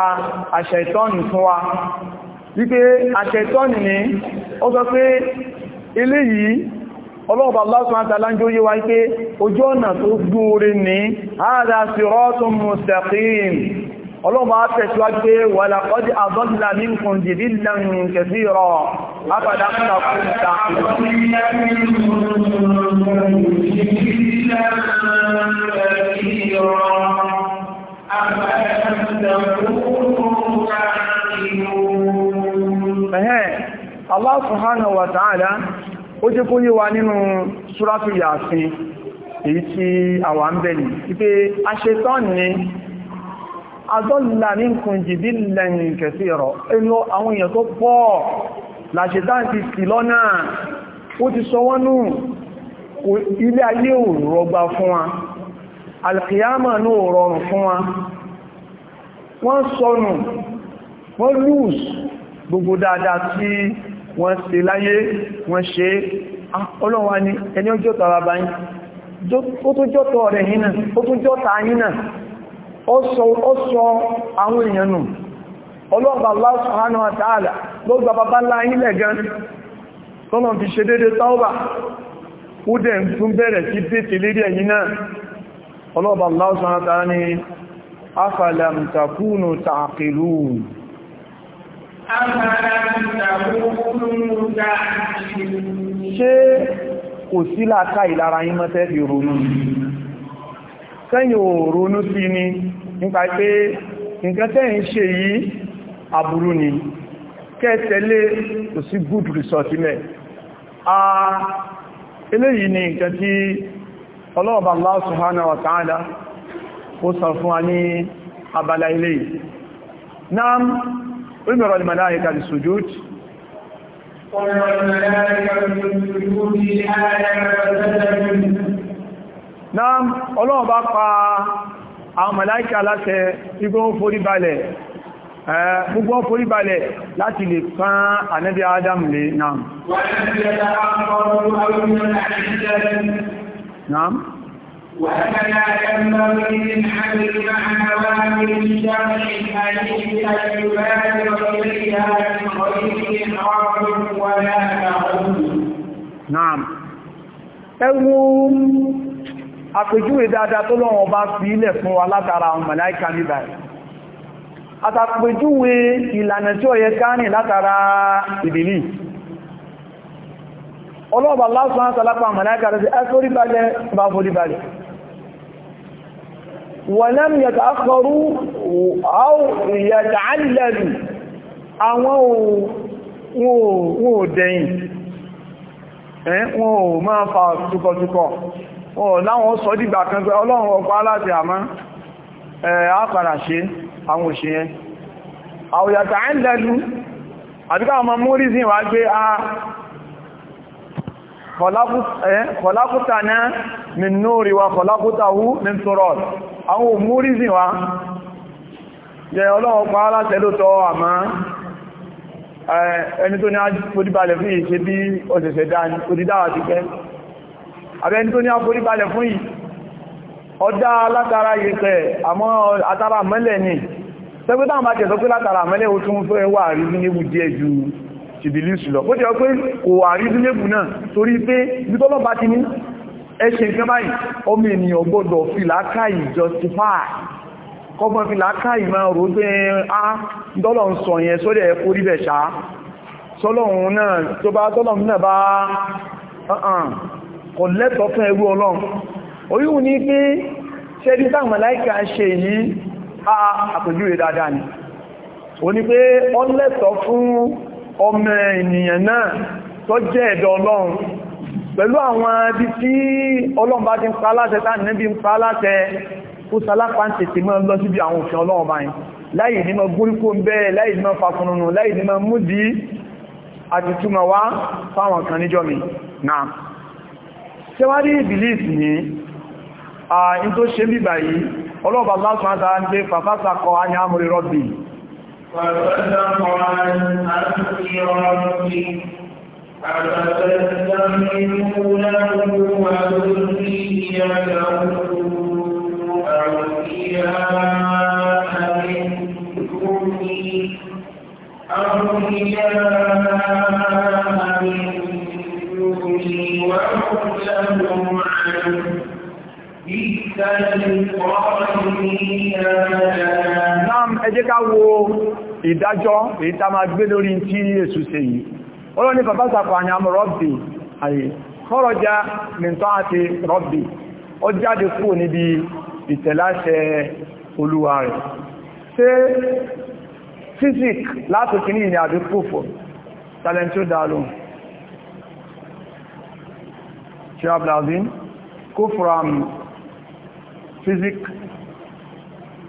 àṣẹ ìtọ́nì fún wa wípé àṣẹ ìtọ́nì ni ó sọ pé eléyìí ọlọ́ọ̀bà ọlọ́run bá tẹ̀síwájú pé wà lákọ́dí àdọ́dìlà ní nǹkan jìdí lẹ́nu kẹfì rọ lápàdá fún àkókòta Allah subhanahu wa ta'ala ó jẹ́ kó yé wa nínú Súratù Yàsín èyí tí àwa ń bẹ ní, wípé aṣetán adọ́là ní kùn jìdí lẹ́yìn kẹsí ẹ̀rọ ẹlọ àwọn èèyàn tó pọ̀ làṣẹ̀tàn ti sì lọ́nà ó ti sọ wọ́n nù ilé ayé ò rọgbà fún wa alkiyama ní ò rọrùn fún wa wọ́n sọnù wọ́n lùs gbogbo dáadáa tí wọ́n ṣe láyé wọ́n ṣe ah, ọlọ́wà ni ẹni ọjọ́ tọ́ra báyìí ó tó jọ́tọ̀ jọ́ta ọ sọ àwọn èèyàn nù ọlọ́ọ̀bà Allah subhanahu wa ta'ala ló gba bàbá ńlá ilẹ̀ gan tọ́nà fi ṣe dédé tauba ó dẹ̀ ń tún bẹ̀rẹ̀ sí tètè lérí ẹ̀yìn náà ọlọ́ọ̀bà Allah subhanahu ni afalam takunu ta'qilun ṣé kò sí láàká ìlara sẹ́yìn òòrùnú sí ni nípa pé nǹkan tẹ́yìn ṣe yìí aburú ni kẹ́ẹ̀tẹ́lé kò sí good result ilẹ̀ eléyìí ni nǹkan tí ọlọ́ọ̀bà Allah subhanahu wa ta'ala ó sọ fún wa ní abala ilé náà orímọ̀rọ̀ al-malaika bis-sujud قال الملائكة من سجود آدم فسجدوا náà ọlọ́run bá pa àwọn màláíkà láṣẹ igbó ń forí balẹ̀ gbogbo ń forí balẹ̀ láti lè pán ànábí Adam lè náà Naam. وَهَكَذَا يَنبَغِي لِلْحَمْدِ مَعَ أَوَامِرِ الشَّرْعِ الْحَدِيثِ أَن يُبَادِرَ إِلَيْهَا مِنْ غَيْرِ حَرْفٍ وَلَا تَعُودٍ Naam. Ẹwú àpèjúwe dáadáa tó lọ́wọ́ bá fi ilẹ̀ fún wa látara àwọn màláíkà níbà àtàpèjúwe ìlànà tí ó yẹ kárìn látara ìbìlì ọlọ́ọ̀bà lásán àtàlápàá màláíkà rẹ̀ ẹ́sórí balẹ̀ bá forí balẹ̀ wọ̀lẹ́m yàtàkọrú yàtàálẹ̀lù ò máa fa túkọ̀túkọ̀ ọ̀ láwọn sọ dìgbà kan pé ọlọ́run ọpa láti àmá àpàdà ṣe àwọn òṣè yẹn àwòyàtà ń lẹ́lú àbíká ọmọ múrísìn wá gbé a kọlákútà náà min nóòrí wa kọlákútà hú min tọrọ àwọn múrísìn wá jẹ ọlọ́run ọpa láti ẹlótọ́ àmá ẹni tó ní á fòdíbalẹ̀ fún ìṣe bí ọ̀sẹ̀sẹ̀ dáa ní òdídáwà ti pẹ́ àbẹ́ni tó ní àforí balẹ̀ fún yìí ọdá látara yẹ̀kẹ̀ àmọ́ àtàrà mẹ́lẹ̀ ni tẹ́gbẹ́ táwọn bá tẹ̀ sọ pé látara mẹ́lẹ̀ ó tún fẹ́ wà rí níbu díẹ̀ ju tìbìlìsù lọ bóti ọpẹ́ kò àrídúnlébù náà torí pé ìbítọ́lọ́ bá ti ní ẹṣẹ́ ìkan báyìí ọmọ ènìyàn gbọ́dọ̀ fi làákàyè justify kọ́gbọ́n fi làákàyè máa rò pé a dọ́lọ̀ ń sọ yẹn sódẹ̀ ẹ̀kọ́ rí bẹ̀ ṣá sọ́lọ́run náà tó bá tọ́lọ̀ náà bá kò lẹ́tọ̀ọ́ fún ẹrú ọlọ́run oyún ní pé ṣẹ́dí táwọn màláíkà ṣe yìí a àpèjúwe dáadáa ni o ní pé ó lẹ́tọ̀ọ́ fún ọmọ ènìyàn náà tó jẹ́ ẹ̀dọ̀ ọlọ́run pẹ̀lú àwọn ibi tí ọlọ́run bá ti ń pa aláṣẹ táà níbi ń pa aláṣẹ ó salápa ń tètè mọ́ lọ síbi àwọn òfin ọlọ́run àti túnmọ̀ wá fáwọn kan níjọ́ mi náà ṣe wá rí Iblis ní ààrín tó ṣe bíbà yìí ọlọ́ọ̀bà lásán àtà ń gbé fàfásà kọ ányà ámúrí rọ́bì أَوْلِيَاءَ مِنْ دُونِي واعف لهم عنه Nam ẹ jẹ́ ká wo ìdájọ́ èyí tá máa gbé lórí tí Èṣù ṣe yìí. Ọlọ́ ní bàbá sàkọ̀ọ̀yà mọ̀ rọ́bì àyè, kọ́rọ̀já mìntọ́ àti rọ́bì, ó jáde kúrò níbi ìtẹ̀láṣẹ olúwa rẹ̀. Ṣé físík láti kìí ní àbí púpọ̀, talent Sheikh Abdulazim go from physics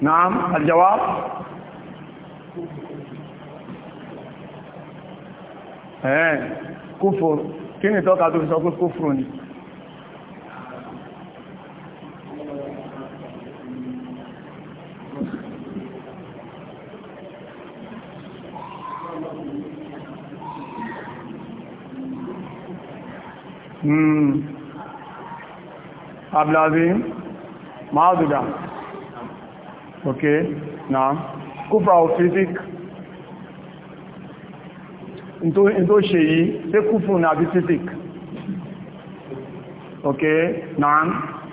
نعم الجواب ايه eh, كفر kí ni tọ́ka tó fi sọ pé kúfùrù ni Hmm. Abdulazim Mahazuda okay now kúfà òfífík in tó ṣe yìí tí kúfù ní àbífífík okay now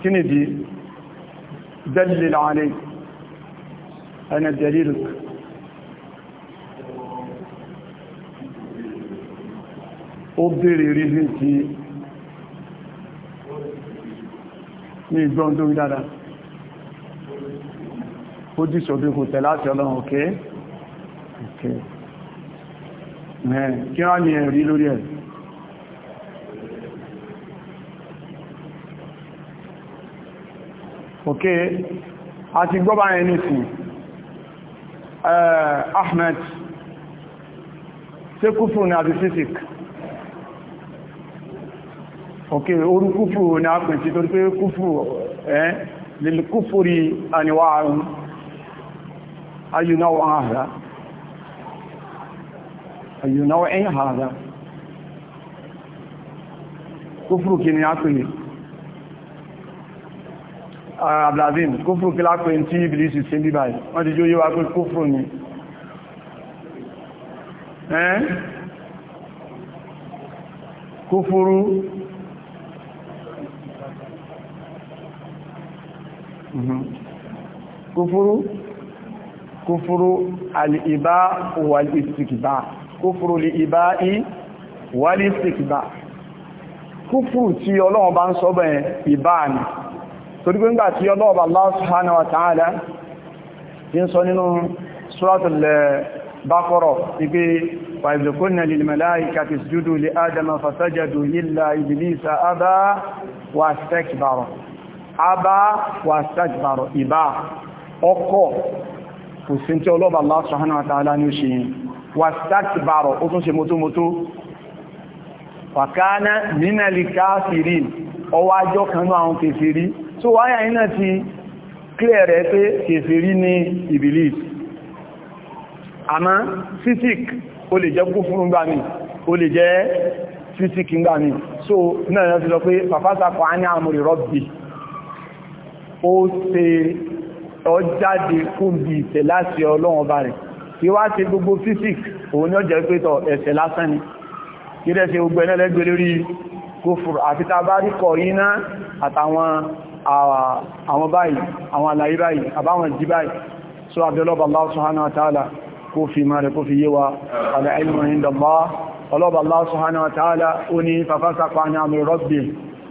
kí ni di jẹ́lì láàrin ẹni jẹ́lì rùkú ní ìgbọ́n tó rí dáadáa ó dí ṣòdí kò tẹ̀ láti ọlọ́run òkè òkè kí wá ní ẹ̀rí lórí ẹ̀ òkè àti gbọ́bá ẹni sí Ahmed sekúfù ní àti físíkì òkè orú kúfùrù ní àpìntí torí pé kúfùrù ẹ́ lil kufuri àníwá àrùn ayùnáwó àhàrá ayùnáwó ẹ̀yìn àhàrá kúfùrù kí ni àpìntí ah, Abdulazim kúfùrù kí lápẹ́ tí Iblisi sí bí báyìí wọ́n ti jó yíwa pé kúfùrù ni kúfùrù kúfúrú mhm. kúfúrú alìbá wàlìsìkìbá kúfúrú lìbá ì wàlìsìkìbá kúfúrú tí ọlọ́run bá ń sọ bẹ̀rẹ̀ ìbá ni torí pé ńgbà tí ọlọ́run Allah subhanahu tí ń sọ nínú للملائكة اسجدوا لآدم فسجدوا إلا إبليس أبى واستكبر abá wà sàjìbàrọ̀ ìbá ọkọ̀ kò sí tí ọlọ́bà Allah subhanahu wa ta'ala ní ó ṣe yìn wà sàjìbàrọ̀ ó tún ṣe mótómótó wa kana minal kafirin ọwọ́ ajọ́ kanú àwọn kèfèrí tó wáyà iná ti clear rẹ̀ pé kèfèrí ní Ibilis àmá fisik ó lè jẹ́ kúfúrú gbà mí ó lè jẹ́ fisik gbà mí so náà yọ́ ti lọ pé fàfásà kọ̀ á ní àmúrí rọ́bì ó ṣe ọjáde fún bí ìṣẹ̀ láti ọlọ́run bá rẹ̀ kí wá ṣe gbogbo physics òun ní ọjọ́ pé tọ̀ ẹ̀ṣẹ̀ lásán ni kí rẹ̀ ṣe gbogbo ẹlẹ́gbẹ̀ lórí kófùrù àti tàbárí iná àtàwọn àwọn báyìí àwọn àlàyé báyìí Allah subhanahu wa ta'ala kó fi máa rẹ̀ kó fi yíwa alẹ́ ilmu Allah subhanahu wa ta'ala ó ní fafasapa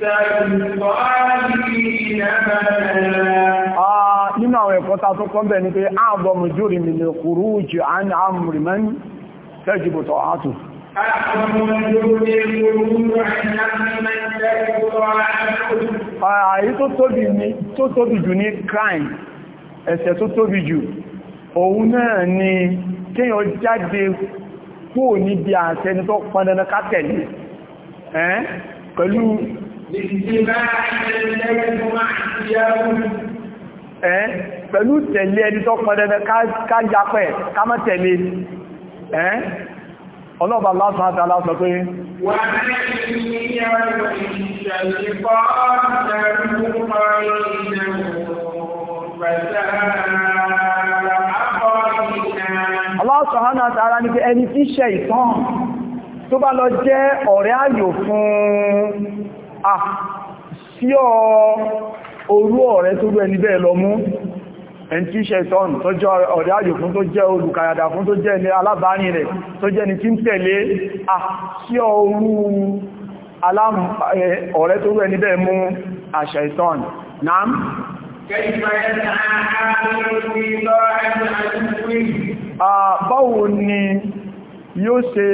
Ah, nínú àwọn ẹ̀kọ́ ta tó kọ́ bẹ̀ ni pé ààbọ̀ mùjúrì mi lè kúrú jù á ní àmùrì mẹ́ ní tẹ́jìbòtọ̀ àtù. Àyí tó tóbi jù ní crime, ẹ̀ṣẹ̀ tó tóbi jù, òun náà ni kíyàn jáde kúò níbi àṣẹ ni tó pọndanà kátẹ̀lẹ̀ pẹ̀lú tẹ̀lé ẹni tó pọ̀ dẹ̀dẹ̀ ká jápẹ̀ ká mọ́ tẹ̀lé ẹ́ ọlọ́bà lásán àtàlá sọ pé wà ní ìyàwó ìṣẹ̀lẹ̀ pọ̀ ọ̀rọ̀ Subhanahu wa ta'ala ní pé ẹni tí ṣe ìtàn tó bá lọ jẹ́ ọ̀rẹ́ ayò fún ah sí ọ orú ọ̀rẹ́ tó rú ẹni bẹ́ẹ̀ lọ mú ẹni tí ṣe ìtọ́n tó jẹ́ ọ̀rẹ́ àjò fún tó jẹ́ olùkàyàdà fún tó jẹ́ ní alábáyìn rẹ̀ tó jẹ́ ni tí ń tẹ̀lé ah sí ọ orú ọ̀rẹ́ tó rú ẹni bẹ́ẹ̀ mú àṣẹ ìtọ́n náà báwo ni yóò ṣe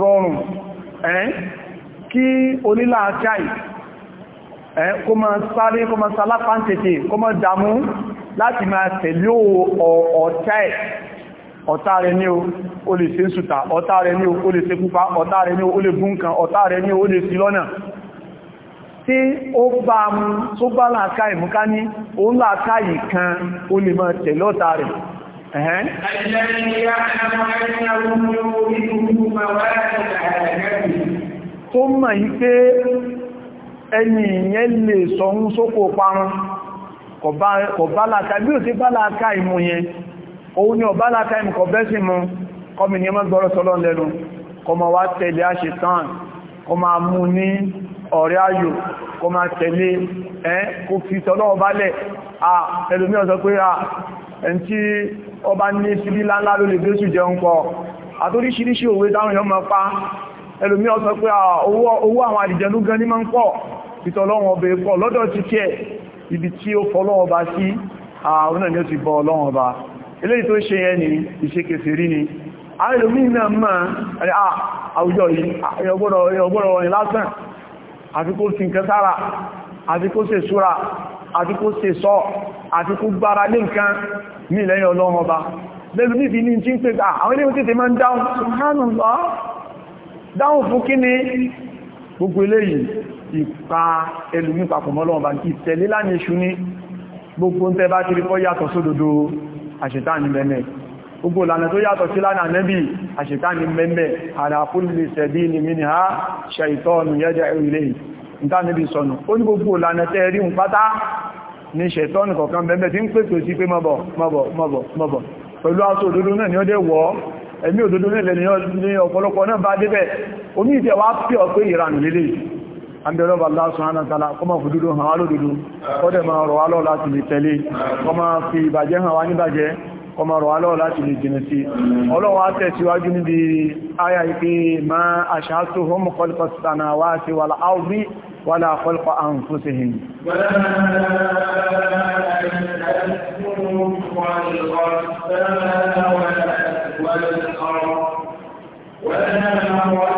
rọrùn kí onílà àṣáì kó mọ́ sáré kó mọ́ sálápá ń tètè kó dámú láti máa tẹ̀lé ọ̀tá ẹ̀ ọ̀tá rẹ̀ ní o lè ṣe ń ọ̀tá rẹ̀ ní o lè ṣe púpá ọ̀tá rẹ̀ ní o lè gún ọ̀tá rẹ̀ ní o lè sí lọ́nà tí ó bá mú tó bá láàká ìmúká ní o ń láàká yìí kan o lè máa tẹ̀lé rẹ̀ ẹ̀hẹ́n tó mọ̀ yí pé ẹni ìyẹn lè sọun sókò parun kò bálaka bí ò sí bálaka ìmú yẹn òun ni ọ̀bálaka ìmú kọ̀ bẹ́sì mú kọmì ní ẹmọ́ gbọ́rọ̀ sọ́lọ́ lẹ́nu kọ ma wá tẹ̀lé àṣetán kọ ma mú ní ọ̀rẹ́ ayò kọ ma tẹ̀lé ẹ́ kò fi tọ́lọ́ ọbálẹ̀ à ẹlòmí ọ̀sọ́ pé à ẹn tí ọba ní sílílá ńlá ló lè gbésù jẹun pọ̀ pa ẹlòmí ó sọ pé owó àwọn àdìjẹnú gan ní máa ń pọ̀ ìtọ̀lọ́wọ̀n ọba ẹ̀kọ́ lọ́dọ̀ ti kí ẹ̀ ibi tí ó fọlọ́wọ́ bá sí àwọn náà ni ó ti bọ́ ọlọ́wọ́n ọba eléyìí tó ṣe ẹni ìṣekèfèrí ni àwọn ẹlòmí náà máa àwùjọ yìí ọgbọ́rọ̀ ọ̀rìn lásán àti kó fi nǹkan sára àti kó ṣe súra àti kó ṣe sọ àti kó gbára lé nǹkan mí lẹ́yìn ọlọ́wọ́n ọba lẹ́lùmí fi ní tí ń pè àwọn ilé dáhùn fún kí ni gbogbo eléyìí ìpa ẹlùmí papọ̀ mọ́lọ́wọ́n bá ìtẹ̀lé lánìí ṣú ní gbogbo tẹ́ bá ti rí kọ́ yàtọ̀ sódodo àṣetáni mẹ́mẹ́ gbogbo ìlànà tó yàtọ̀ sí lánàá nẹ́bì àṣetáni mẹ́mẹ́ ala kulli sabili minha shaytanu yad'u ilayhi ìta níbi sọ̀nà ó ní gbogbo ìlànà tẹ́ rí ń pátá ní ṣẹ̀tọ́nù kọ̀kan bẹ̀mẹ̀ pẹ̀lú aṣọ òdodo náà ni ó dé wọ́ ẹ̀mí òdodo nílẹ̀ ní ọ̀pọ̀lọpọ̀ náà bá débẹ̀ omi ìfẹ́ wá pí ọ pé ìranù lélẹ̀ àbẹ̀rọ̀bà lásán àtàlà kọmọ fòdúdó hàn wá lódòdó kọ́dẹ̀ ma rọ̀ wá lọ́ láti lè tẹ̀lé kọmọ fi ìbàjẹ́ hàn wá níbàjẹ́ kọmọ rọ̀ wá lọ́ láti lè jìnà sí ọlọ́wọ́ tẹ̀síwájú ولا خلق أنفسهم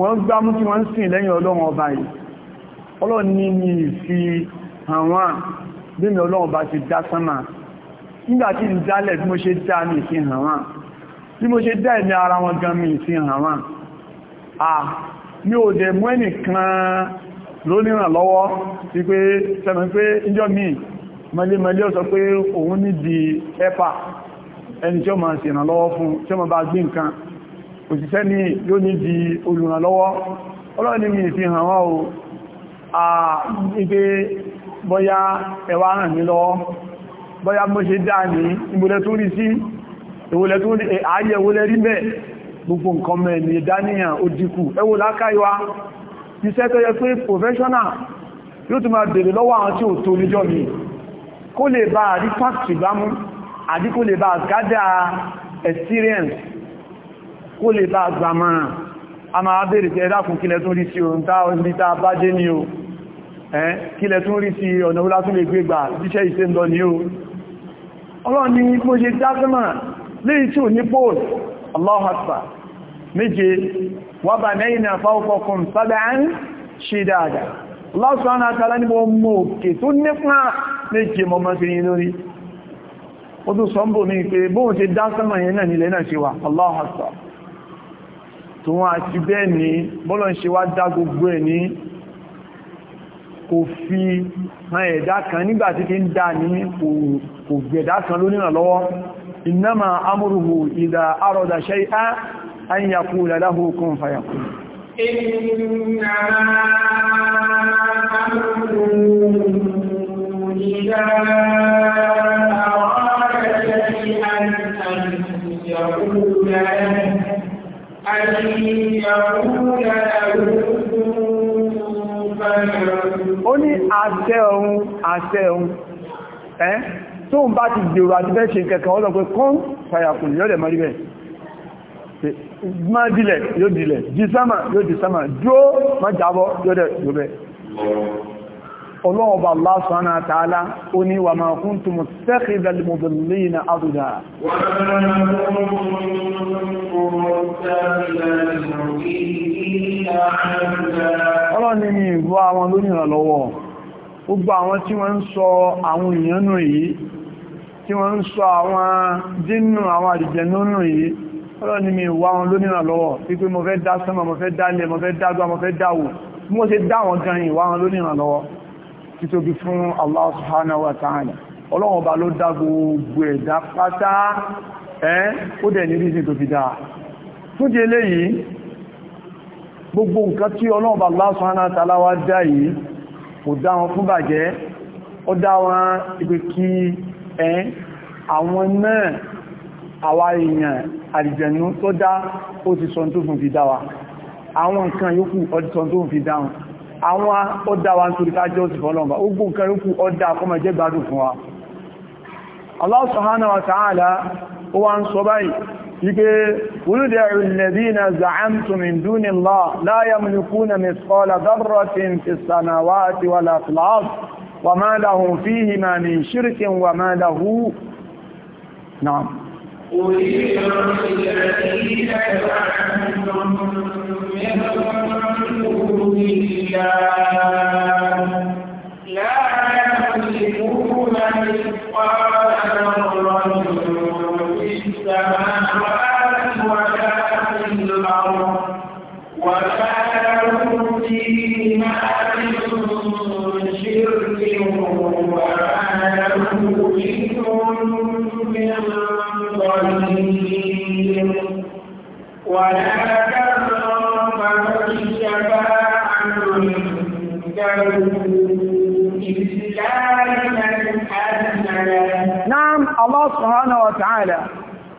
wọ́n gbá mú kí wọ́n sìn lẹ́yìn ọlọ́run ọba yìí ọlọ́run ní fi àwọn bími ọlọ́run ọba ti dá sánmà nígbàtí ń dálẹ̀ bí mo ṣe dá ní ìfihàn wọn bí mo ṣe dá ẹ̀mí ara wọn gan mi ìfihàn wọn à mi ò mú ẹnìkan lónìràn lọ́wọ́ pé òṣìṣẹ́ ní yóò ní di olùrànlọ́wọ́ ọlọ́run ní mi ìfihàn wọ́n o ìgbé bọ́yá ẹwà ràn mí lọ́wọ́ bọ́yá mọ́ ṣe dáa ní ìbúlẹ̀ tó rí sí ìwòlẹ̀ tó rí ààyè ìwòlẹ̀ rí bẹ́ẹ̀ gbogbo nǹkan mẹ́rin ìdáníyàn ó dínkù ẹwò lákáyíwá iṣẹ́ tó yẹ pé professional yóò tún máa bèèrè lọ́wọ́ àwọn tí ò tó níjọ́ mi kó lè bá rí fact ìbámú àdí kó lè bá gádà experience kó lè bá gbàmọ̀ràn a máa bèèrè tẹ́ ẹ̀dàkùn kílẹ̀ tún rí sí ohun tá bá dé ní o kílẹ̀ tún rí sí ọ̀nà wúlá tún lè gbégbà jíṣẹ́ ìṣẹ́ lọ ní o ọlọ́run ṣe ní pòs Allahu sọ́mbò ní pé ṣe yẹn náà nílẹ̀ náà ṣe wà tó wọ́n àti bẹ́ẹ̀ ní bọ́lọ̀ ṣe wá dá gbogbo ẹ̀ ní kò fi hàn ẹ̀dá kan nígbà tí kí ń dá ní kò gbẹ̀dá kan lónìí lọ́wọ́ innama amruhu idha arada shay'an an yaqula lahu kun fayakun innama àṣẹ ohun àṣẹ ohun ẹ́ tó ń bá ti gbèrò àti bẹ́ ṣe kẹkẹ ọlọ́ kọ́n fàyàkùn yóò dẹ̀ mọ́rí bẹ́ẹ̀ má dìlẹ̀ yóò dìlẹ̀ jìsámà yóò jìsámà dúó má jábọ́ yóò dẹ̀ ọlọ́ọ̀bà Allah ọlọ́ni ni ìgbọ́ àwọn lónìí ìrànlọ́wọ́ gbogbo àwọn tí wọ́n ń sọ àwọn èèyàn nù yìí tí wọ́n ń sọ àwọn dínú àwọn àdìjẹ̀nú nù yìí ọlọ́ ni mi wá wọn lónìí lọ́wọ́ wípé mo fẹ́ dá sánmà mo fẹ́ dá ilẹ̀ mo fẹ́ dá gbá mo fẹ́ dáwò mú ó ṣe dá wọn gan ìwá wọn lónìí lọ́wọ́ títóbi fún Allah subhanahu wa ta'ala ọlọ́wọ́n ọba ló dá gbogbo ẹ̀dá pátá ẹ́ ó dẹ̀ ní ríṣin tó fi dáa fún di eléyìí gbogbo nǹkan tí ọlọ́wọ́n ọba Allah subhanahu wa ta'ala wá dá yìí kò dá wọn fún bàjẹ́ ó dá wọn kí àwọn náà àwa èèyàn àlìjẹ̀nú tó dá ó ti sọ tó fún fi wa àwọn nǹkan yóò ó ti sọ tó fún fi àwọn ó dá wa nítorí ti fọ́lọ́mbà wípé wúlùdẹ̀rù lẹ́bínà za'amtumin dúnilá láyàmùlùkú na mẹ́sọ́lá dọ́rọ̀tín fi sànàwá àti wà láàfíláàf wà máa láhùn fi hìmà ní ṣírkin wà máa láhù náà لا يملكون مثقال ذرة السماء ولا في الأرض ولا لكم فيه ما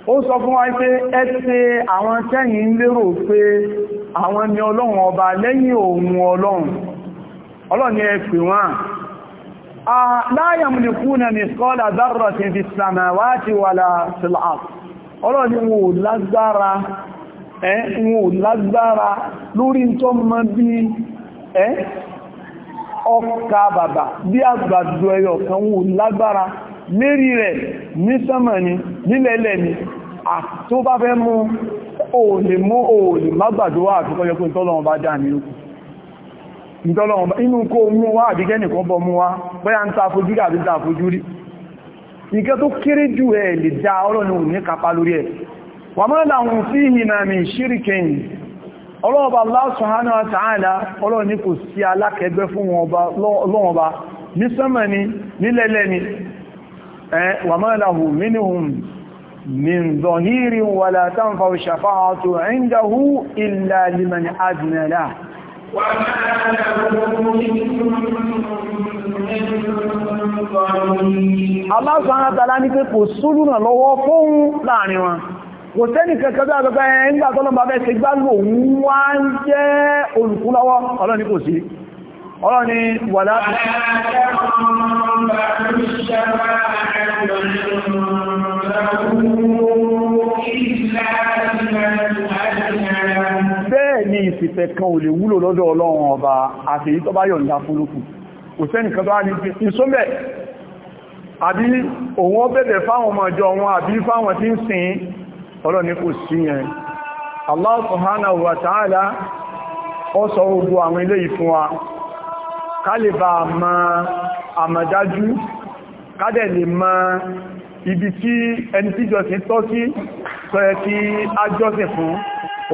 ó sọ fún wa pé ẹ ṣe àwọn tẹ́yìn lérò pé àwọn ni ọlọ́run ọba lẹ́yìn òun ọlọ́run ọlọ́run ẹ pè wọ́n láyàmù nìkú na mìsọ́lá dárọ̀ ti fi sàmàwáti wà láàá ọlọ́run wọn ò lérí rẹ̀ ní sánmà ni nílẹ̀lẹ̀ ni tó bá fẹ́ mú òòlè mú òòlè mágbàdó wà àti kọjọ pé bá dá ní inú kó mú wá àbígẹ́ nìkan bọ́ mú wá bóyá ń ta fojú rí ta fojú rí nǹkan tó kéré jù ẹ̀ lè dá ní kapa lórí wà mọ́ láwọn sí ìhìnà mi ṣíríkẹyìn ọlọ́ọ̀bá Allah subhanahu وما له منهم من ظهير ولا تنفع الشفاعة عنده إلا لمن أذن له وما له من Allah subhanahu wa ta'ala ní pé kò sólú náà lọ́wọ́ fún láàrin wọn. Kò sẹ́nì kẹ́kẹ́ àgbẹ́gbẹ́ ẹgbẹ́ àtọ́lọ́mà bẹ́ẹ̀ ti gbá lò wọ́n jẹ́ olùkúlọ́wọ́ ọlọ́ni kò sí. ọ̀rọ̀ ni wàlá bẹ́ẹ̀ ni ìsìfẹ́ kan ò lè wúlò lọ́dọ̀ ọlọ́run ọba àti èyí tó bá yọ̀ǹda fún lókù kò sẹ́nì kan tó á ní pé ìsọ́bẹ̀ àbí òun ó bẹ̀bẹ̀ fáwọn ọmọ wọn àbí fáwọn tí ń sìn kò sí yẹn ká lè bá àmà àmàdájú kádẹ̀ lè mọ ibi tí ẹni tí jọsìn tọ́ sí sọ́yẹ kí a jọsìn fún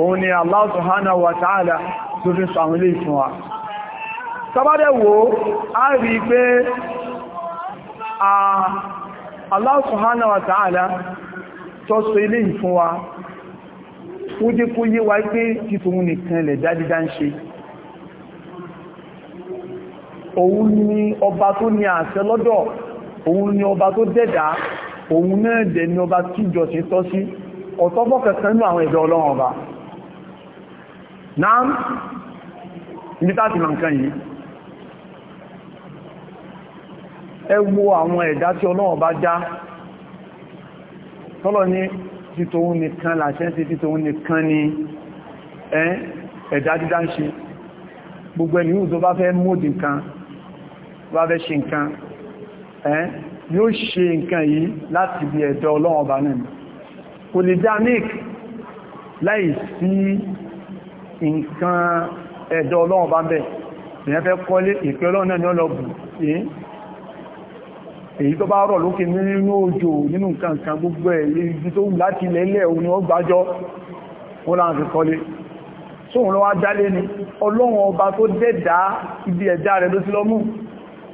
òun ni Allah subhanahu wa ta'ala tó fi sàwọn ilé ìfún wa sábádẹ̀ wo a rí pé Allah subhanahu wa ta'ala tọ́ sọ ilé ìfún wa ó dé kó yé wa pé títún nìkan lẹ̀ dáadáa ń ṣe òun ni ọba tó ní àṣẹ lọ́dọ̀ òun ni ọba tó dẹ̀dá òun náà dẹ̀ ni ọba tí ìjọsìn tọ́ sí ọ̀tọ́bọ̀ kẹsàn ní àwọn ẹ̀dọ̀ ọlọ́run ọba náà ibi táti ma nǹkan yìí ẹ wo àwọn ẹ̀dá tí ọlọ́run ọba já tọ́lọ ní títòun nìkan làṣẹ sí títòun nìkan ni ẹ̀dá dídá ń ṣe gbogbo ẹni yóò tó bá fẹ́ módì nǹkan bá fẹ́ ṣe nǹkan ẹ́ yóò ṣe nǹkan yìí láti bí ẹ̀dọ̀ ọlọ́run ọba náà kò lè dá nick láì sí nǹkan ẹ̀dọ̀ ọlọ́run ọba bẹ̀ èyàn fẹ́ kọ́lé ìpẹ́ ọlọ́run náà ni ó lọ bù èyí tó bá rọ̀ lókè nínú òjò nínú nǹkan kan gbogbo ẹ̀ ibi tó wù láti lẹ́lẹ̀ òun ni ó gbájọ́ ó láwọn fi kọ́lé sóhun lọ́wọ́ dálé ni ọlọ́run ọba tó dẹ́dàá ibi ẹ̀dá rẹ̀ ló sí lọ́mú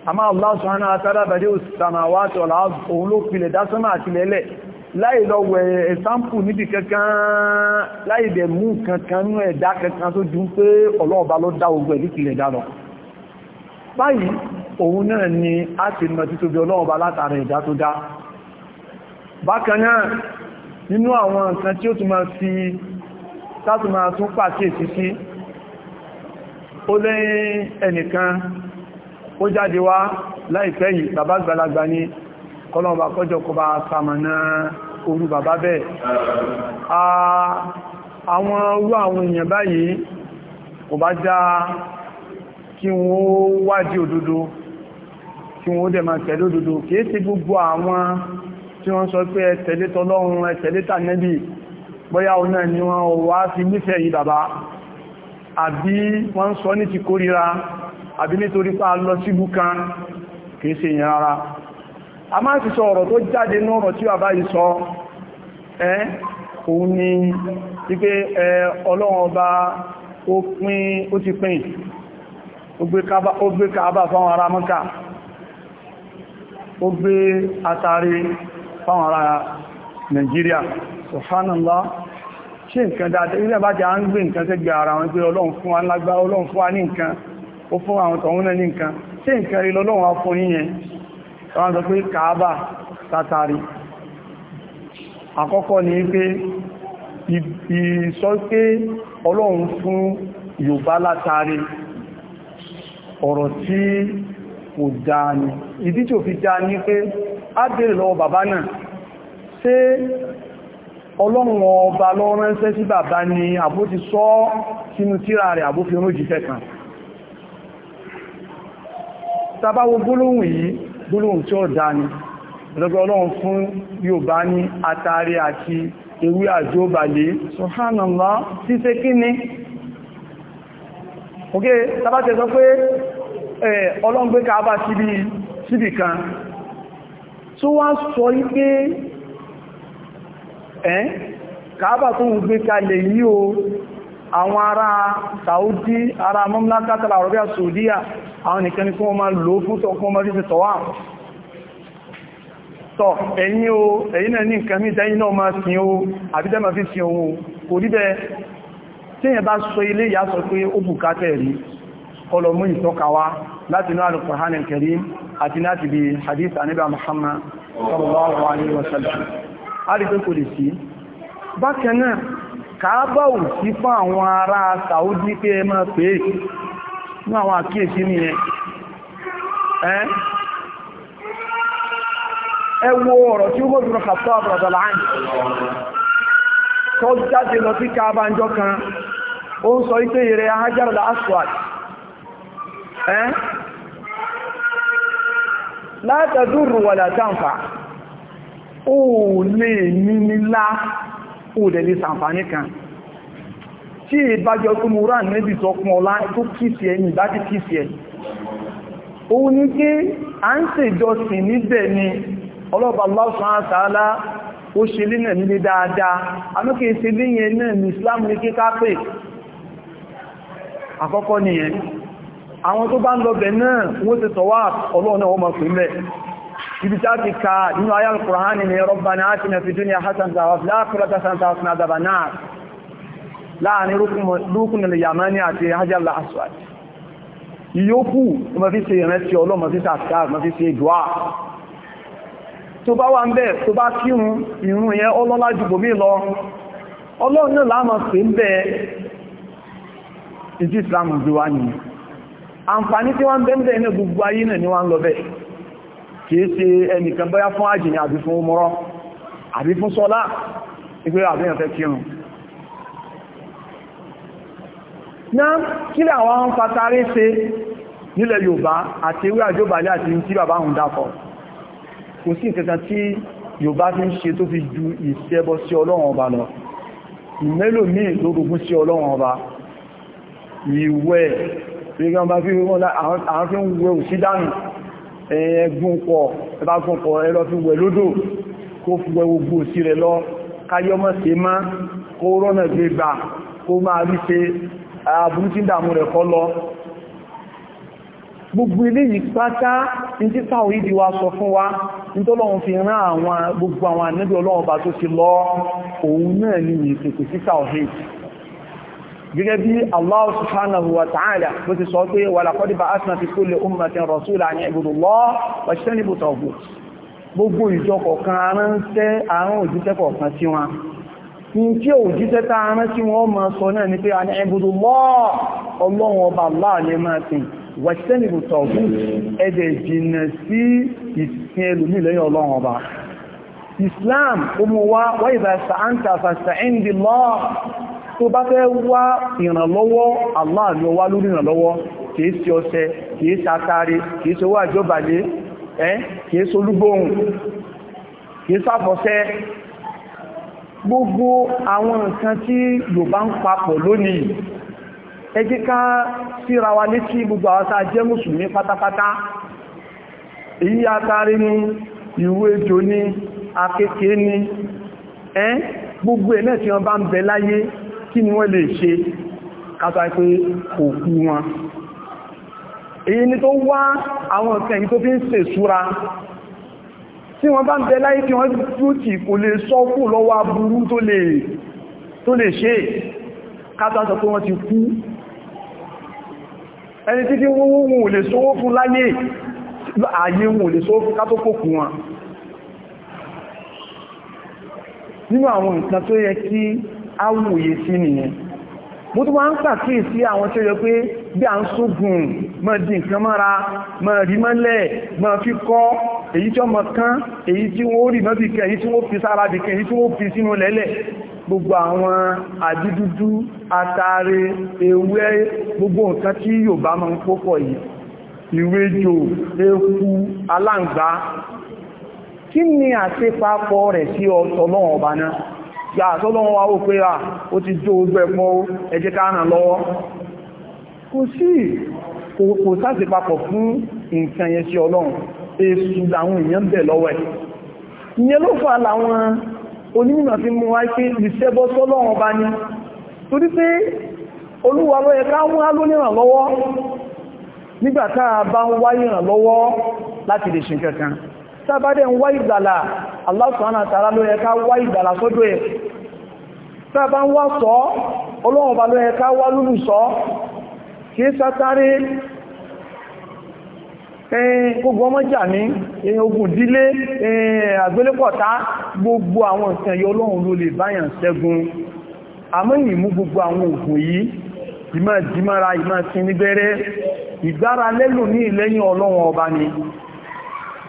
àmá Allah subhanahu wa ta'ala badi'us samawati wal ard òun ló pilẹ̀ dá sánmà àti lẹ́lẹ̀ láì lọ wẹ̀ ẹ̀sáǹpù níbi kankan láì dẹ̀ mú kankan nú ẹ̀dá kankan tó ju pé ọlọ́ọ̀bá ló dá ogun ẹ̀ nípìlẹ̀ ni a ti mọ̀ títóbi ọlọ́ọ̀bá látara ẹ̀dá tó dá bákan náà nínú àwọn nǹkan tí ó tún ó jáde wá láìpẹ́ yìí bàbá àgbàlagbà ni kọlọ́ọ̀bà kọjọ kọba sàmànà orú bàbá bẹ́ẹ̀ àwọn orú àwọn èèyàn báyìí kò bá já kí wọ́n wádìí òdodo kí wọ́n dẹ̀ máa tẹ̀lé òdodo kìí sí gbogbo àwọn tí wọ́n sọ pé ẹ̀tẹ̀lé tọlọ́run ẹ̀tẹ̀lé tànẹ́bì bóyá òun náà ni wọ́n wá fi nífẹ̀ẹ́ yìí bàbá àbí wọ́n sọ ní ti kórìíra àbí nítorí pá lọ síbú kan kìí ṣe yẹn ara a máa ti sọ ọ̀rọ̀ tó jáde ní ọ̀rọ̀ tí wà báyìí sọ ẹ́ òun ni wípé ọlọ́run ọba ó pín ó ti pín ó gbé káàbà fáwọn ará mọ́kà ó gbé àtàrí fáwọn ará nàìjíríà subhanallah ṣe nǹkan dáadáa ilẹ̀ bá jẹ́ à ń gbé nǹkan tẹ́gbẹ̀ ara wọn pé ọlọ́run fún wa lágbá ọlọ́run fún wa ní nǹkan ó fún àwọn tọ̀hún náà ní nǹkan ṣe nǹkan rí lọ́lọ́wọ́ fún yíyẹn wọ́n sọ pé kàábà tátàrí àkọ́kọ́ ni pé ìsọ pé ọlọ́run fún Yorùbá látàrí ọ̀rọ̀ tí kò dáa ni fi dáa ní pé á bèèrè lọ́wọ́ bàbá náà ọba sí bàbá ni àbó ti sọ sínú kan tàbáwo gbólóhùn yìí gbólóhùn tí ó dáni lọ́gbọ́ ọlọ́run fún Yorùbá ní àtàrí àti ewé àjóbalé Subhanallah tí ṣe kí ni ok tàbátẹ̀ sọ pé ọlọ́run gbé káàbà síbì kan tó wá sọ wípé àwọn ará Saudi ará mọ́mlákátàlá Arabia Saudiya àwọn nìkan ni kí wọ́n máa lò fún tọ́kún ọmọdé ti tọ́wà tọ́ ẹ̀yìn o ẹ̀yìn náà ní nǹkan mí tẹ́yìn náà máa sin o àbídẹ́ máa fi sin ohun kò rí bẹ́ẹ̀ tí èyàn bá sọ ilé ìyá sọ pé ó bùkátẹ̀ rí ọlọ̀mú ìtọ́kawa láti inú Al-Qur'an Al-Karim àti láti bí hadith ànábì Muhammad sallallahu ní àwọn àkíyèsí nìyẹn ẹ wo ọ̀rọ̀ tí ó mọ̀ jùlọ kàtọ́ àbùrọ̀dọ̀lá àìn tó jáde lọ sí káàbánjọ́ kan ó ń sọ ipé ìrẹ́ ahájárọ̀lá aswad látàdúrù wà látàǹfà ó lè ní nílá ó dẹ̀ lè sàǹfà kan. tí ìbájọ́ tó mú rán níbi sọ fún ọlá tó kìsì ẹni bá ti kìsì ẹ̀ òun ni kí a ń ṣèjọsìn níbẹ̀ ni ọlọ́ba Allah subhanahu wa ta'ala ó ṣe lé náà nílé dáadáa alókè ṣe lé yẹn náà ní Islam ní kíká pè àkọ́kọ́ nìyẹn àwọn tó bá ń lọbẹ̀ náà wọ́n ti tọ̀wà ọlọ́ọ̀nà nínú ayal Qur'ani ni Rabbana atina fid dunya hasanatan wa fil akhirati hasanatan wa qina adhaban nar láàrin rúkún ilẹ̀ yamani àti hajjala aswad ìyókù ma fi ṣe ìrántí ọlọ́mọ sí sàtàr ma fi ṣe dùá tó bá wà ń bẹ̀ tó bá kírun ìrun yẹn ọlọ́lá jù bòmí lọ ọlọ́run náà láàmà pè ń bẹ̀ ìdí islam bí wá nìyí àǹfààní tí wọ́n bẹ́ẹ̀ bẹ́ẹ̀ ni wọ́n lọ bẹ́ẹ̀ kìí ṣe ẹnìkan bọ́yá fún àjìnà àbí àbí fún sọ́lá ìgbéra náà kí làwọn ń fatare ṣe nílẹ̀ Yorùbá àti ewé àjọbàlẹ̀ àti tí bàbá ń dákọ̀ kò sí nǹkan tí Yorùbá fi ń ṣe tó fi ju ìṣẹbọ sí Ọlọ́run ọba lọ ìmẹ́lò míì ló rogún sí Ọlọ́run ọba ìwẹ̀ ìgbàmbá fi wọ́n àwọn fi ń wẹ̀ òsídánù ẹgbùn pọ̀ ẹbá gùn pọ̀ ẹlọ fi wẹ̀ lódò kó fúwẹ́ gbogbo òsí rẹ̀ lọ káyọ́mọ́ sí má kó rọ́nà gbégbà kó máa rí ṣe àbúrú tí ń dàmú lọ gbogbo eléyìí pátá ní tí sáwọn ìdí wa sọ fún wa nítọ́lọ́run fi rán àwọn gbogbo àwọn ànábì ọlọ́run bá tó ti lọ òun náà ni ìpèpè sí sáwọn gẹ́gẹ́ bí Allah subhanahu wa ta'ala bó ti sọ pé wa laqad ba'athna fi gbogbo ìjọ kọ̀ọ̀kan aránṣẹ́ sí nke tí tá a rán sí wọ́n máa sọ náà ní pé a ní ẹbùdó lọ́ ọlọ́run ọba láàrin máa sìn wẹ̀sẹ́nìbù tọ̀gù ẹ̀dẹ̀ jìnnà sí ìsìn lẹ́yìn Islam ó wa wáyìbá sàáńtà fàṣàíǹdì lọ́ tó bá fẹ́ wá ìrànlọ́wọ́ Allah ló lórí gbogbo àwọn nǹkan tí Yorùbá ń papọ̀ lónìí ẹ jẹ́ ká síra wa létí gbogbo àwọn tá jẹ́ mùsùlùmí pátápátá èyí atari ní ìwé ejò ní akéèké ní ẹ́ gbogbo ẹ̀ náà tí wọ́n bá ń bẹ láyé kí ni wọ́n lè ṣe kátà pé kò kú wọn èyí ni tó wá àwọn nǹkan èyí tí wọ́n bá ń bẹ láyé tí wọ́n tó tí kò lè sọ kú lọ́wọ́ aburú tó lè ṣe kátà sọ pé wọ́n ti kú ẹni tí kí wọ́n wọ́n lè sówó fún láyé ààyè wọ́n lè sówó fún kátókò kú wọn nínú àwọn nǹkan tó yẹ kí á wòye sí nìyẹn mo tún máa ń pàkíyèsí àwọn tí ó yẹ pé bí a ń sógun mọ́ di nǹkan mọ́ra mọ́ rí mọ́lẹ̀ mọ́ fi kọ́ èyí tí ọmọ kan èyí tí wọ́n rí mọ́ bí kẹ èyí tí wọ́n fi sára bí kẹ èyí tí wọ́n fi sínú lẹ́lẹ̀ gbogbo àwọn àdídúdú àtàrí ewé gbogbo nǹkan tí Yorùbá máa ń pọ́pọ̀ yìí ìwéjò eku aláǹgbá kí ni àṣepapọ̀ rẹ̀ sí ọ̀tọ̀ náà ọba kí àtọ́lọ́wọ́ wa ó pé à ó ti jó ogbẹ́ pọ́ ẹ jẹ́ ká ràn lọ́wọ́ kò sí kò sáàsì papọ̀ fún nǹkan yẹn sí ọlọ́run èsù làwọn èèyàn bẹ̀ lọ́wọ́ ẹ̀ ìyẹn ló fà láwọn onímọ̀ fi mú wá pé ìṣẹ́bọ́ sọ́lọ́run bá ní torí pé olúwa ló yẹ ká wọ́n á lóní ràn lọ́wọ́ nígbà tá a bá ń wáyé ràn lọ́wọ́ láti lè ṣe kankan sábádẹ̀ ń wá ìgbàlà Allah subhanahu wa ta'ala ló yẹ ká wá ìgbàlà sọ́dọ̀ ẹ̀ sábá ń wá sọ Ọlọ́run bá ló yẹ ká wá lúlù sọ kí sátáré ẹ̀yìn gbogbo ọmọ jà ní ẹ̀yìn ogun dílé ẹ̀yìn àgbélépọ̀ta gbogbo àwọn ìsìn ẹ̀yọ Ọlọ́run ló lè báyàn ṣẹ́gun àmọ́ ìmú gbogbo àwọn ògùn yìí ìmọ̀ ìdímọ́ra ìmọ̀ sí nígbẹ́rẹ́ ìgbára lẹ́lò ní ìlẹ́yìn Ọlọ́run ọba ni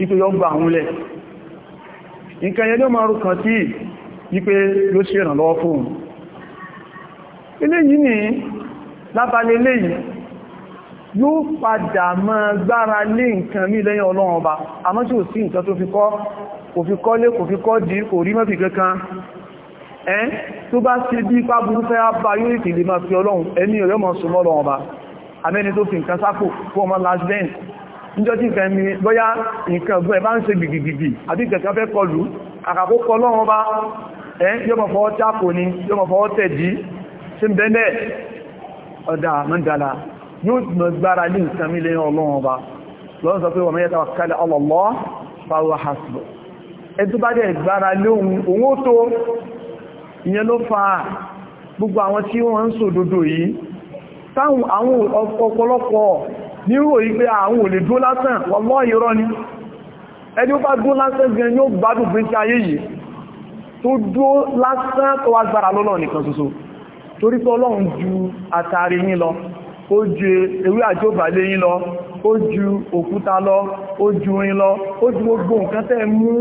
ipé yọ gbà àwọn ilẹ̀ nǹkan yẹ ló máa rú kan tí ipé ló ṣe ìrànlọ́wọ́ fún eléyìí ni lábalẹ̀ eléyìí yóò padà mọ́ gbára lé nǹkan mí lẹ́yìn ọlọ́run ọba àmọ́ tí ò sí nǹkan tó fi kọ́ kò fi kọ́ lé kò fi kọ́ dí kò rí mọ́fì kankan ẹ́n tó bá sí bí ipá burú fẹ́ bá yóò ìkìlì máa fi ọlọ́run ẹni ọ̀yọ́ mọ́ sùn lọ́lọ́run ọba amẹ́ni tó fi nǹkan sápò fún ọmọ last dance níjọ́ tí nǹkan mi bóyá nǹkan ọ̀gbọ́n ẹ̀ bá ń ṣe gbìgbìgbì àbí ìgbẹ̀kan fẹ́ kọlù àkàkó kọ lọ́wọ́ bá ẹ́ yóò mọ̀ fọwọ́ tápò ni yóò mọ̀ fọwọ́ tẹ̀dí ṣe ń bẹ́ẹ̀ ọ̀dà mọ́ndàlá yóò mọ̀ gbára ní nǹkan mi lẹ́yìn ọlọ́wọ́ bá lọ́n ní rò ìgbé àwọn olè dúó lásán wọ́lọ́ ìrọ́ ni ẹni ó bá dúó lásán gan yóò gbádùn bí sí ayé yìí tó dúó lásán tó agbára lọ́nà nìkan ṣoṣo torí pé ọlọ́run ju àtàrí yín lọ ó ju ewé àjóbàlé yín lọ ó ju òkúta lọ ó ju orin lọ ó ju gbogbo nǹkan tẹ́ mú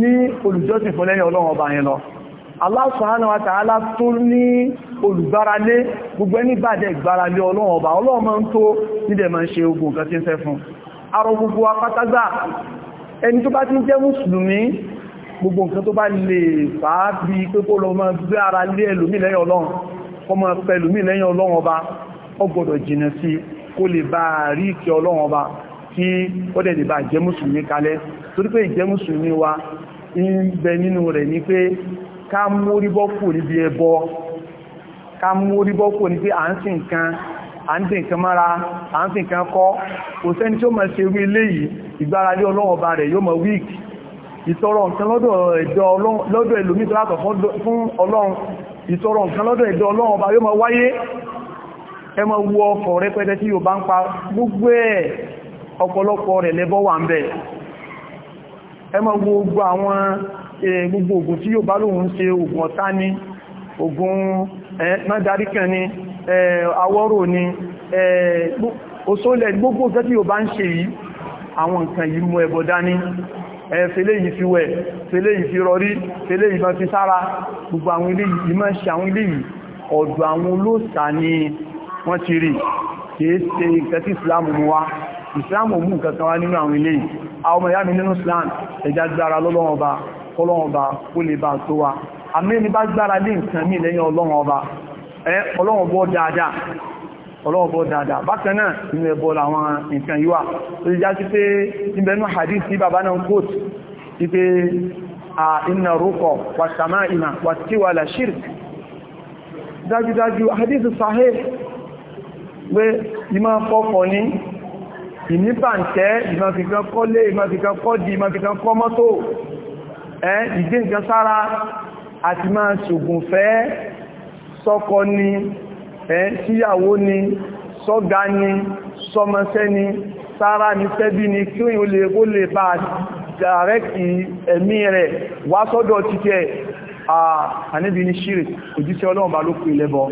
ní olùjọ́sìn fún lẹ́yìn ọlọ́run ọba yín lọ Allah subhanahu wa ta'ala tó ní olùgbáralé gbogbo ẹni bàdẹ̀ ìgbáralé ọlọ́run ọba ọlọ́run máa ń tó nídẹ̀ máa ń ṣe ogun nǹkan tí ń fẹ́ fún arọ gbogbo apátágbà ẹni tó bá ti jẹ́ mùsùlùmí gbogbo nǹkan tó bá lè fàá bí pé kó lọ máa gbé ara lé ẹlòmí lẹ́yìn ọlọ́run kó máa pẹ ẹlòmí lẹ́yìn ọlọ́run ọba ó gbọ́dọ̀ jìnà sí wa ń bẹ Ka mórí bọ́kù níbi ẹbọ ká mórí bọ́kù níbi à ń sìn kan à ń dìn a mára à ń sìn kan kọ́ kò sẹ́ni tí ó mọ̀ ṣe wí léyìí ìgbáralé ọlọ́wọ́ ọba rẹ̀ yóò mọ̀ wíìkì ìtọrọ nǹkan lọ́dọ̀ ọba yóò mọ̀ wáyé ẹ mọ̀ ọkọ̀ rẹpẹtẹ tí yóò bá ń pa gbogbo ẹ̀ ọ̀pọ̀lọpọ̀ wà ń bẹ̀ ẹ mọ̀ gbogbo ògùn tí yóò bá lóhun ṣe ògùn ọ̀tá ní ògùn nádaríkẹ́ ní awọ́rò ní òṣòlẹ̀ gbogbo ògùn tí yóò bá ń ṣe yìí àwọn nǹkan yìí mú ẹbọ dání fẹ́lẹ̀ yìí fi wẹ̀ fẹ́lẹ̀ yìí fi rọrí fẹ́lẹ̀ yìí fi sára gbogbo àwọn ilé yìí máa ṣe àwọn ilé yìí ọ̀dọ̀ àwọn olóòṣà ni wọ́n ti rí kìí ṣe Islam mú wá Islam mú nǹkan wá nínú àwọn ilé yìí àwọn ọmọ ìyá mi nínú Islam ẹjá gbára lọ́lọ́wọ́ ọba kọlọ́run ọba kó lè bá tó wa àmì ní bá gbára lé nǹkan mí lẹ́yìn ọlọ́run ọba ẹ ọlọ́run bọ́ dáadáa ọlọ́run bọ́ dáadáa bákan náà inú ẹbọ làwọn nǹkan yíwà tó ti já sí pé níbẹ̀nú hadith ní bàbá náà kóòt sí pé a iná rúkọ wàtàmá ìmà wàtíwà làṣírk dájúdájú hadith sahih pé ìmọ̀ fọ́kọ̀ ní ìníbàǹtẹ́ ìmọ̀ fìkan kọ́lé ìmọ̀ fìkan kọ́ di ìmọ̀ fìkan kọ́ mọ́tò ẹ́ ìgbé nǹkan sára àti máa ṣògùn sọ́kọ ni ẹ́ síyàwó ni sọ́gá ni sọmọṣẹ́ ni sára ni sẹ́bí ni kí o lè kó lè bá dàrẹ́kì ẹ̀mí rẹ̀ wá sọ́dọ̀ títẹ́ àníbi ni ṣírì òjíṣẹ́ ọlọ́run bá ló pè lẹ́bọ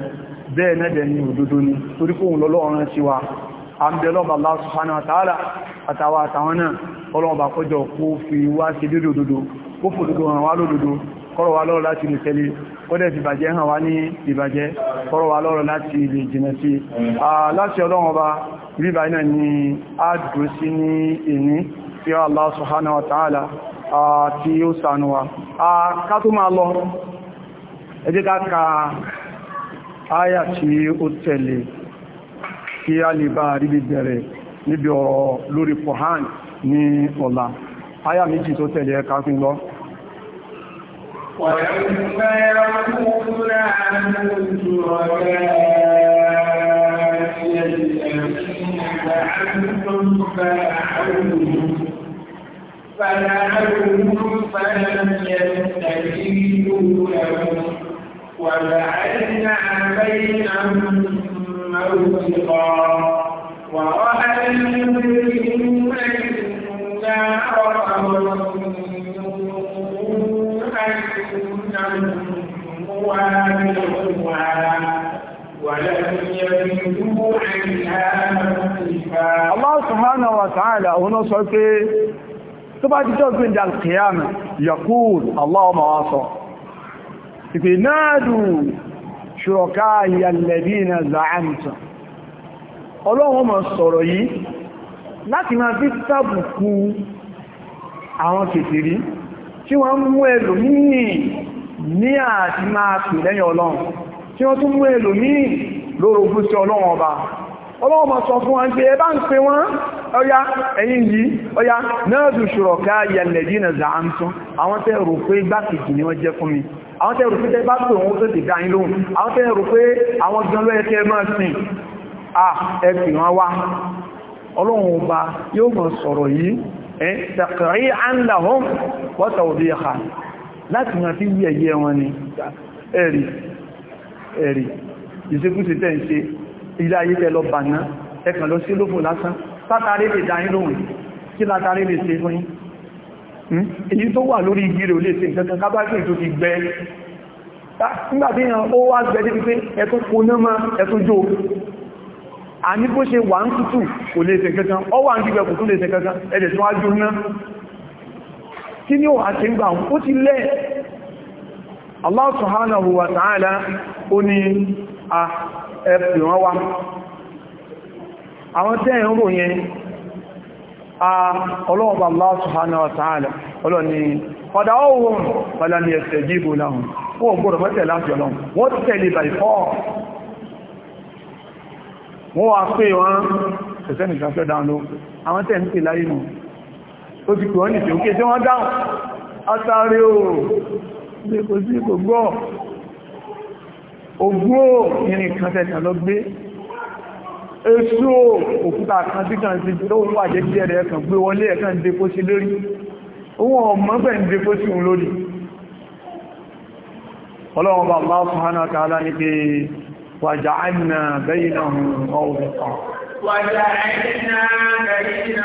bẹ́ẹ̀ Allah subhanahu wa ta'ala àtàwà àtàwọn náà ọlọ́run bá kọjọ kó fi wá sí dédé òdodo kó fòdodo hàn wá lódodo kọ́rọ̀ wá lọ́rọ̀ láti lè tẹ́lé kọ́dẹ̀ ti bàjẹ́ hàn wá ní ìbàjẹ́ kọ́rọ̀ wá lọ́rọ̀ láti lè jìnà sí láti ọlọ́run ọba ni a dùn sí wa ta'ala tí ó sànú wa ká tó máa lọ ẹ jẹ́ ká ka áyà tí ó tẹ̀lé kí a lè rí bẹ̀rẹ̀ níbi ọ̀rọ̀ lórí ọ̀la àyà méjì tó tẹ̀lé ẹka fún lọ وَلَمَّا يَقُولُ عَنْ الْجُرَاءِ الَّذِينَ زَعَمْتُمْ فَأَعْوَدُوا فَلَعَلُّهُمْ فَلَمْ يَسْتَجِيبُوا لَهُمْ وَلَعَلُّهُمْ ta'ala òun sọ pé tó bá jíjọ́ gbìn dà kìyàmù yakul allahumma wa sọ ìpè náàdù ṣùrọ̀ká ìyàlẹ̀bí na za'amta ọlọ́run mọ̀ sọ̀rọ̀ yìí láti máa fi tàbùkù àwọn kèfèrí tí wọ́n mú ẹlòmíì ní àti máa pè lẹ́yìn ọlọ́run tí wọ́n tún mú ẹlòmíì sí ọlọ́run ọba ọlọ́wọ́ ma sọ fún wọn pé ẹbá ń pè wọ́n ọya ẹ̀yìn yìí ọya náà dù ṣùrọ̀ká yẹlẹ̀dí na zàántún àwọn tẹ́ rò pé gbákejì ni wọ́n jẹ́ fún mi àwọn tẹ́ rò pé tẹ́ bá pè wọ́n tó ti dáyín lóhun àwọn tẹ́ rò pé àwọn gan lọ́yẹ tẹ́ máa sìn à ẹ̀fì wọn wá ọlọ́run ọba yóò mọ̀ sọ̀rọ̀ yìí tẹ̀kẹ̀rí àńlàhún wọ́tà òbí ẹ̀ka láti máa fi yẹ̀yẹ́ wọn ni ẹ̀rì ẹ̀rì ìṣekúṣe tẹ́ ń ṣe ilé ayé tẹ́ lọ bàná ẹkàn lọ sí lófò lásán látàrí lè dá yín lóhùn kí látàrí lè ṣe fún yín hmm? èyí tó wà lórí igi rẹ̀ ò lè ṣe nǹkan kábákì tó ti gbẹ nígbàtí ó wá gbẹ débi pé ẹtún kóná mọ́ ẹtún jó a ní bó ṣe wà ń tútù kò lè ṣe kankan ọ wà ń gbígbẹ kò tún lè ṣe kankan ẹ̀dẹ̀ tún á jóná kí ní òun àti ìgbà ó ti lẹ́ Allah subhanahu wa ta'ala ó ní ah, ẹ pè wọ́n wá àwọn tẹ́ ìrúrò yẹn a ọlọ́ọ̀bà Allah subhanahu wa ta'ala ọlọ́ni padà ọ̀hún padà ní ẹ̀sẹ̀ jíbò láhùn wọ́n gbọ́rọ̀ mẹ́tẹ̀ láti ọlọ́run wọ́n tẹ̀lé by four wọ́n wá pé wọ́n ẹ̀sẹ́ nìkan fẹ́ dáun ló àwọn tẹ́ ń pè láyé nù ó ti pè ògbó irin kan tẹ́lẹ̀ lọ gbé èso òkúta kan tí kan ti jùlọ òun wà jẹ́ jẹ́ rẹ̀ kan gbé wọlé ẹ̀kan dépó sí lórí ohun ọmọ pẹ̀ ń dépó sí òun lórí ọlọ́run bá bá fọ́nà tààlá ní pé wàjá àìnà bẹ́yìn bẹ́yìn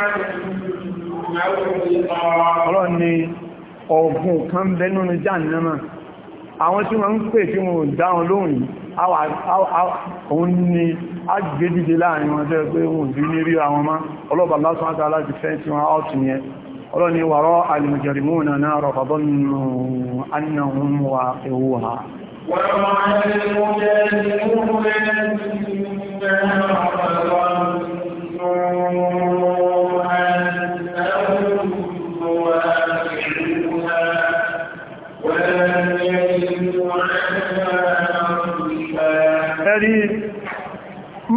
náà ọ̀rọ̀ àwọn tí wọ́n ń pè tí wọ́n dáhùn lóhùn òun ni a gbédìde láàrin wọn tẹ́ pé wọ́n dí ní rí àwọn má ọlọ́bà lásán àti aláti fẹ́ tí wọ́n áùtù yẹn ọlọ́ni wàrọ́ alìmọ̀jẹ̀rìmọ́nà náà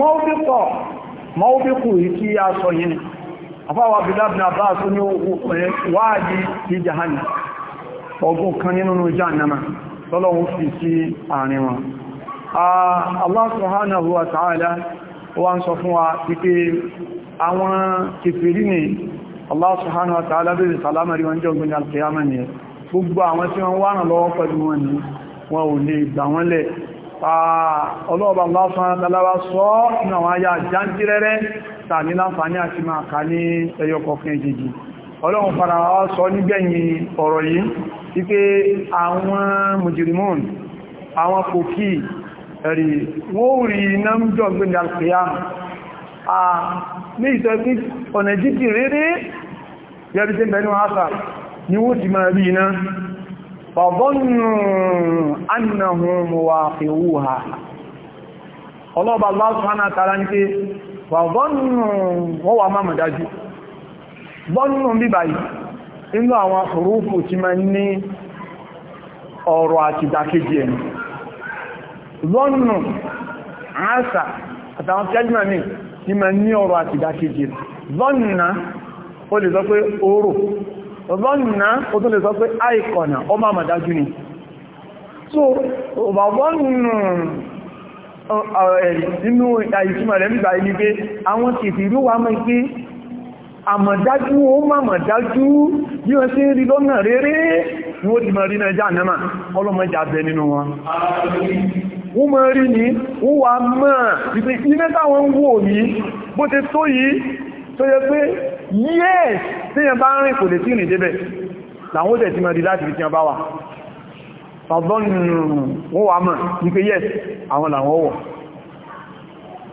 mọ́wúbíkọ̀ mọ́wúbíkù ìkí aṣọ yìí afáwà bílábìn àbáṣú ní wáàdí sí jahanna ọgbọ̀n kan nínú jahannama tọ́lọ́wọ́ fi sí àárín wọn Allah subhanahu wa ta'ala wá ń sọ fún wa pípé àwọn kìfèrí ni Allah subhanahu wa ta'ala bèèrè ọlọ́ọ̀bà lásán sọ ní àwọn ayá jántírẹ́rẹ́ tàbí láǹfàní àti máa ní ẹyọkọ̀ọ̀kan ìjìjì ọlọ́run fara sọ nígbẹ̀yìn ọ̀rọ̀ yìí wípé àwọn àwọn kòkí ẹ̀rì a ní iná fọ̀bọ́nù annahum waqi'uha ọlọ́ba Allah subhanahu ń pé fọ̀bọ́nù wọ́n wà máa mọ̀dájú bọ́nù bí báyìí inú àwọn hurufu tí ma ní ọ̀rọ̀ àti ìdàkejì ẹni bọ́nù àásà ọ̀bọ̀nà ó tó lè sọ pé àìkọ̀nà ó máa màdájú ni so ọ̀bọ̀nà nínú àìsímọ̀ rẹ̀ nígbà ní pé àwọn kìtì ìlú wa mọ́ pé àmọ̀dájú ó máa màdájú bí wọ́n sí rí lọ́nà rere ni ó ti mọ̀ rí náà jáàmà ọlọ́mọdé abẹ nínú wọn wọ́n mọ̀ rí ní wọ́n wà mọ̀ ìpé ilé táwọn ń wò yìí bó ti tó yìí tó yẹ pé yes tí yẹn bá ń rìn kò lè sí ìrìn débẹ̀ làwọn ó tẹ̀ ti mọ̀ di láti fi bá wà wọ́n wà mọ̀ ní pé yes àwọn làwọn wọ̀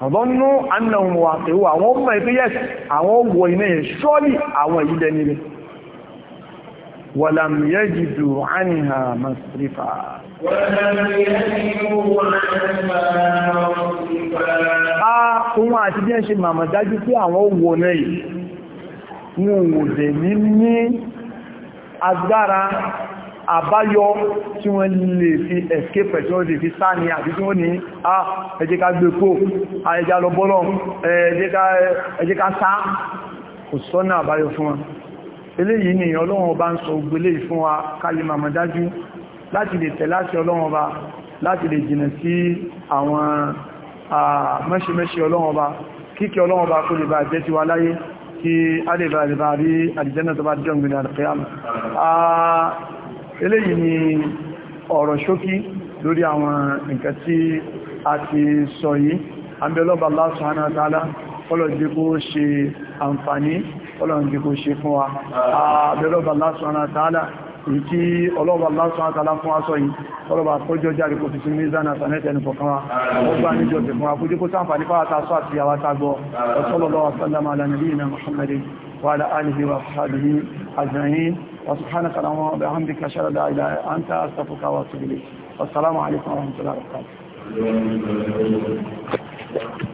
ọ̀dọ́nú annahun wà tẹ̀wò àwọn ọmọ yes àwọn wọ iná yẹn ṣọ́lì àwọn ìdẹ nílé wàlàm yajidu àníhà masrifa a ohun ah, àti bí ẹ ṣe màmà dájú pé àwọn wọ náà yìí wọn ò dẹ̀ ní ní agbára àbáyọ tí wọ́n lè fi escape ẹ̀ tí wọ́n lè fi sá ní àti tí wọ́n ní à ẹ jẹ́ ká gbé kó ẹjá lọ bọ́lọ̀ ẹ jẹ́ ká sá kò sọ́nà àbáyọ fún wọn eléyìí ni ọlọ́run ọba ń sọ ògbélé fún wa kálí màmà dájú láti lè tẹ̀ láti ọlọ́run ọba láti lè jìnà sí àwọn mẹ́ṣẹ́mẹ́ṣẹ́ ọlọ́run ọba kíkẹ́ ọlọ́run ọba kó lè bá jẹ́ ti wa láyé kí alèbà alèbà rí àdìjẹ́nà tó bá jọ ìgbìnà àdìkẹ́yàmù eléyìí ni ọ̀rọ̀ ṣókí lórí àwọn nǹkan tí a ti sọ yìí àbẹ̀lọ́bà Allah subhanahu wa ta'ala ọlọ́dí kó ṣe àǹfààní ọlọ́dí kó ìkí ọlọ́wà lásánàtàlá fún aṣọ yìí ọlọ́wà àpójọ járe kò ti sí mẹ́zánà sànẹ́tẹ̀ ẹni fọ̀kan wa ó bá níjọ tẹ̀ fún àpójọ kó sáǹfà nípa àtàṣọ àti àwátagbọ́ ọ̀sọ́lọ́lọ́wà sallama ala nabiyyina muhammadin wa ala alihi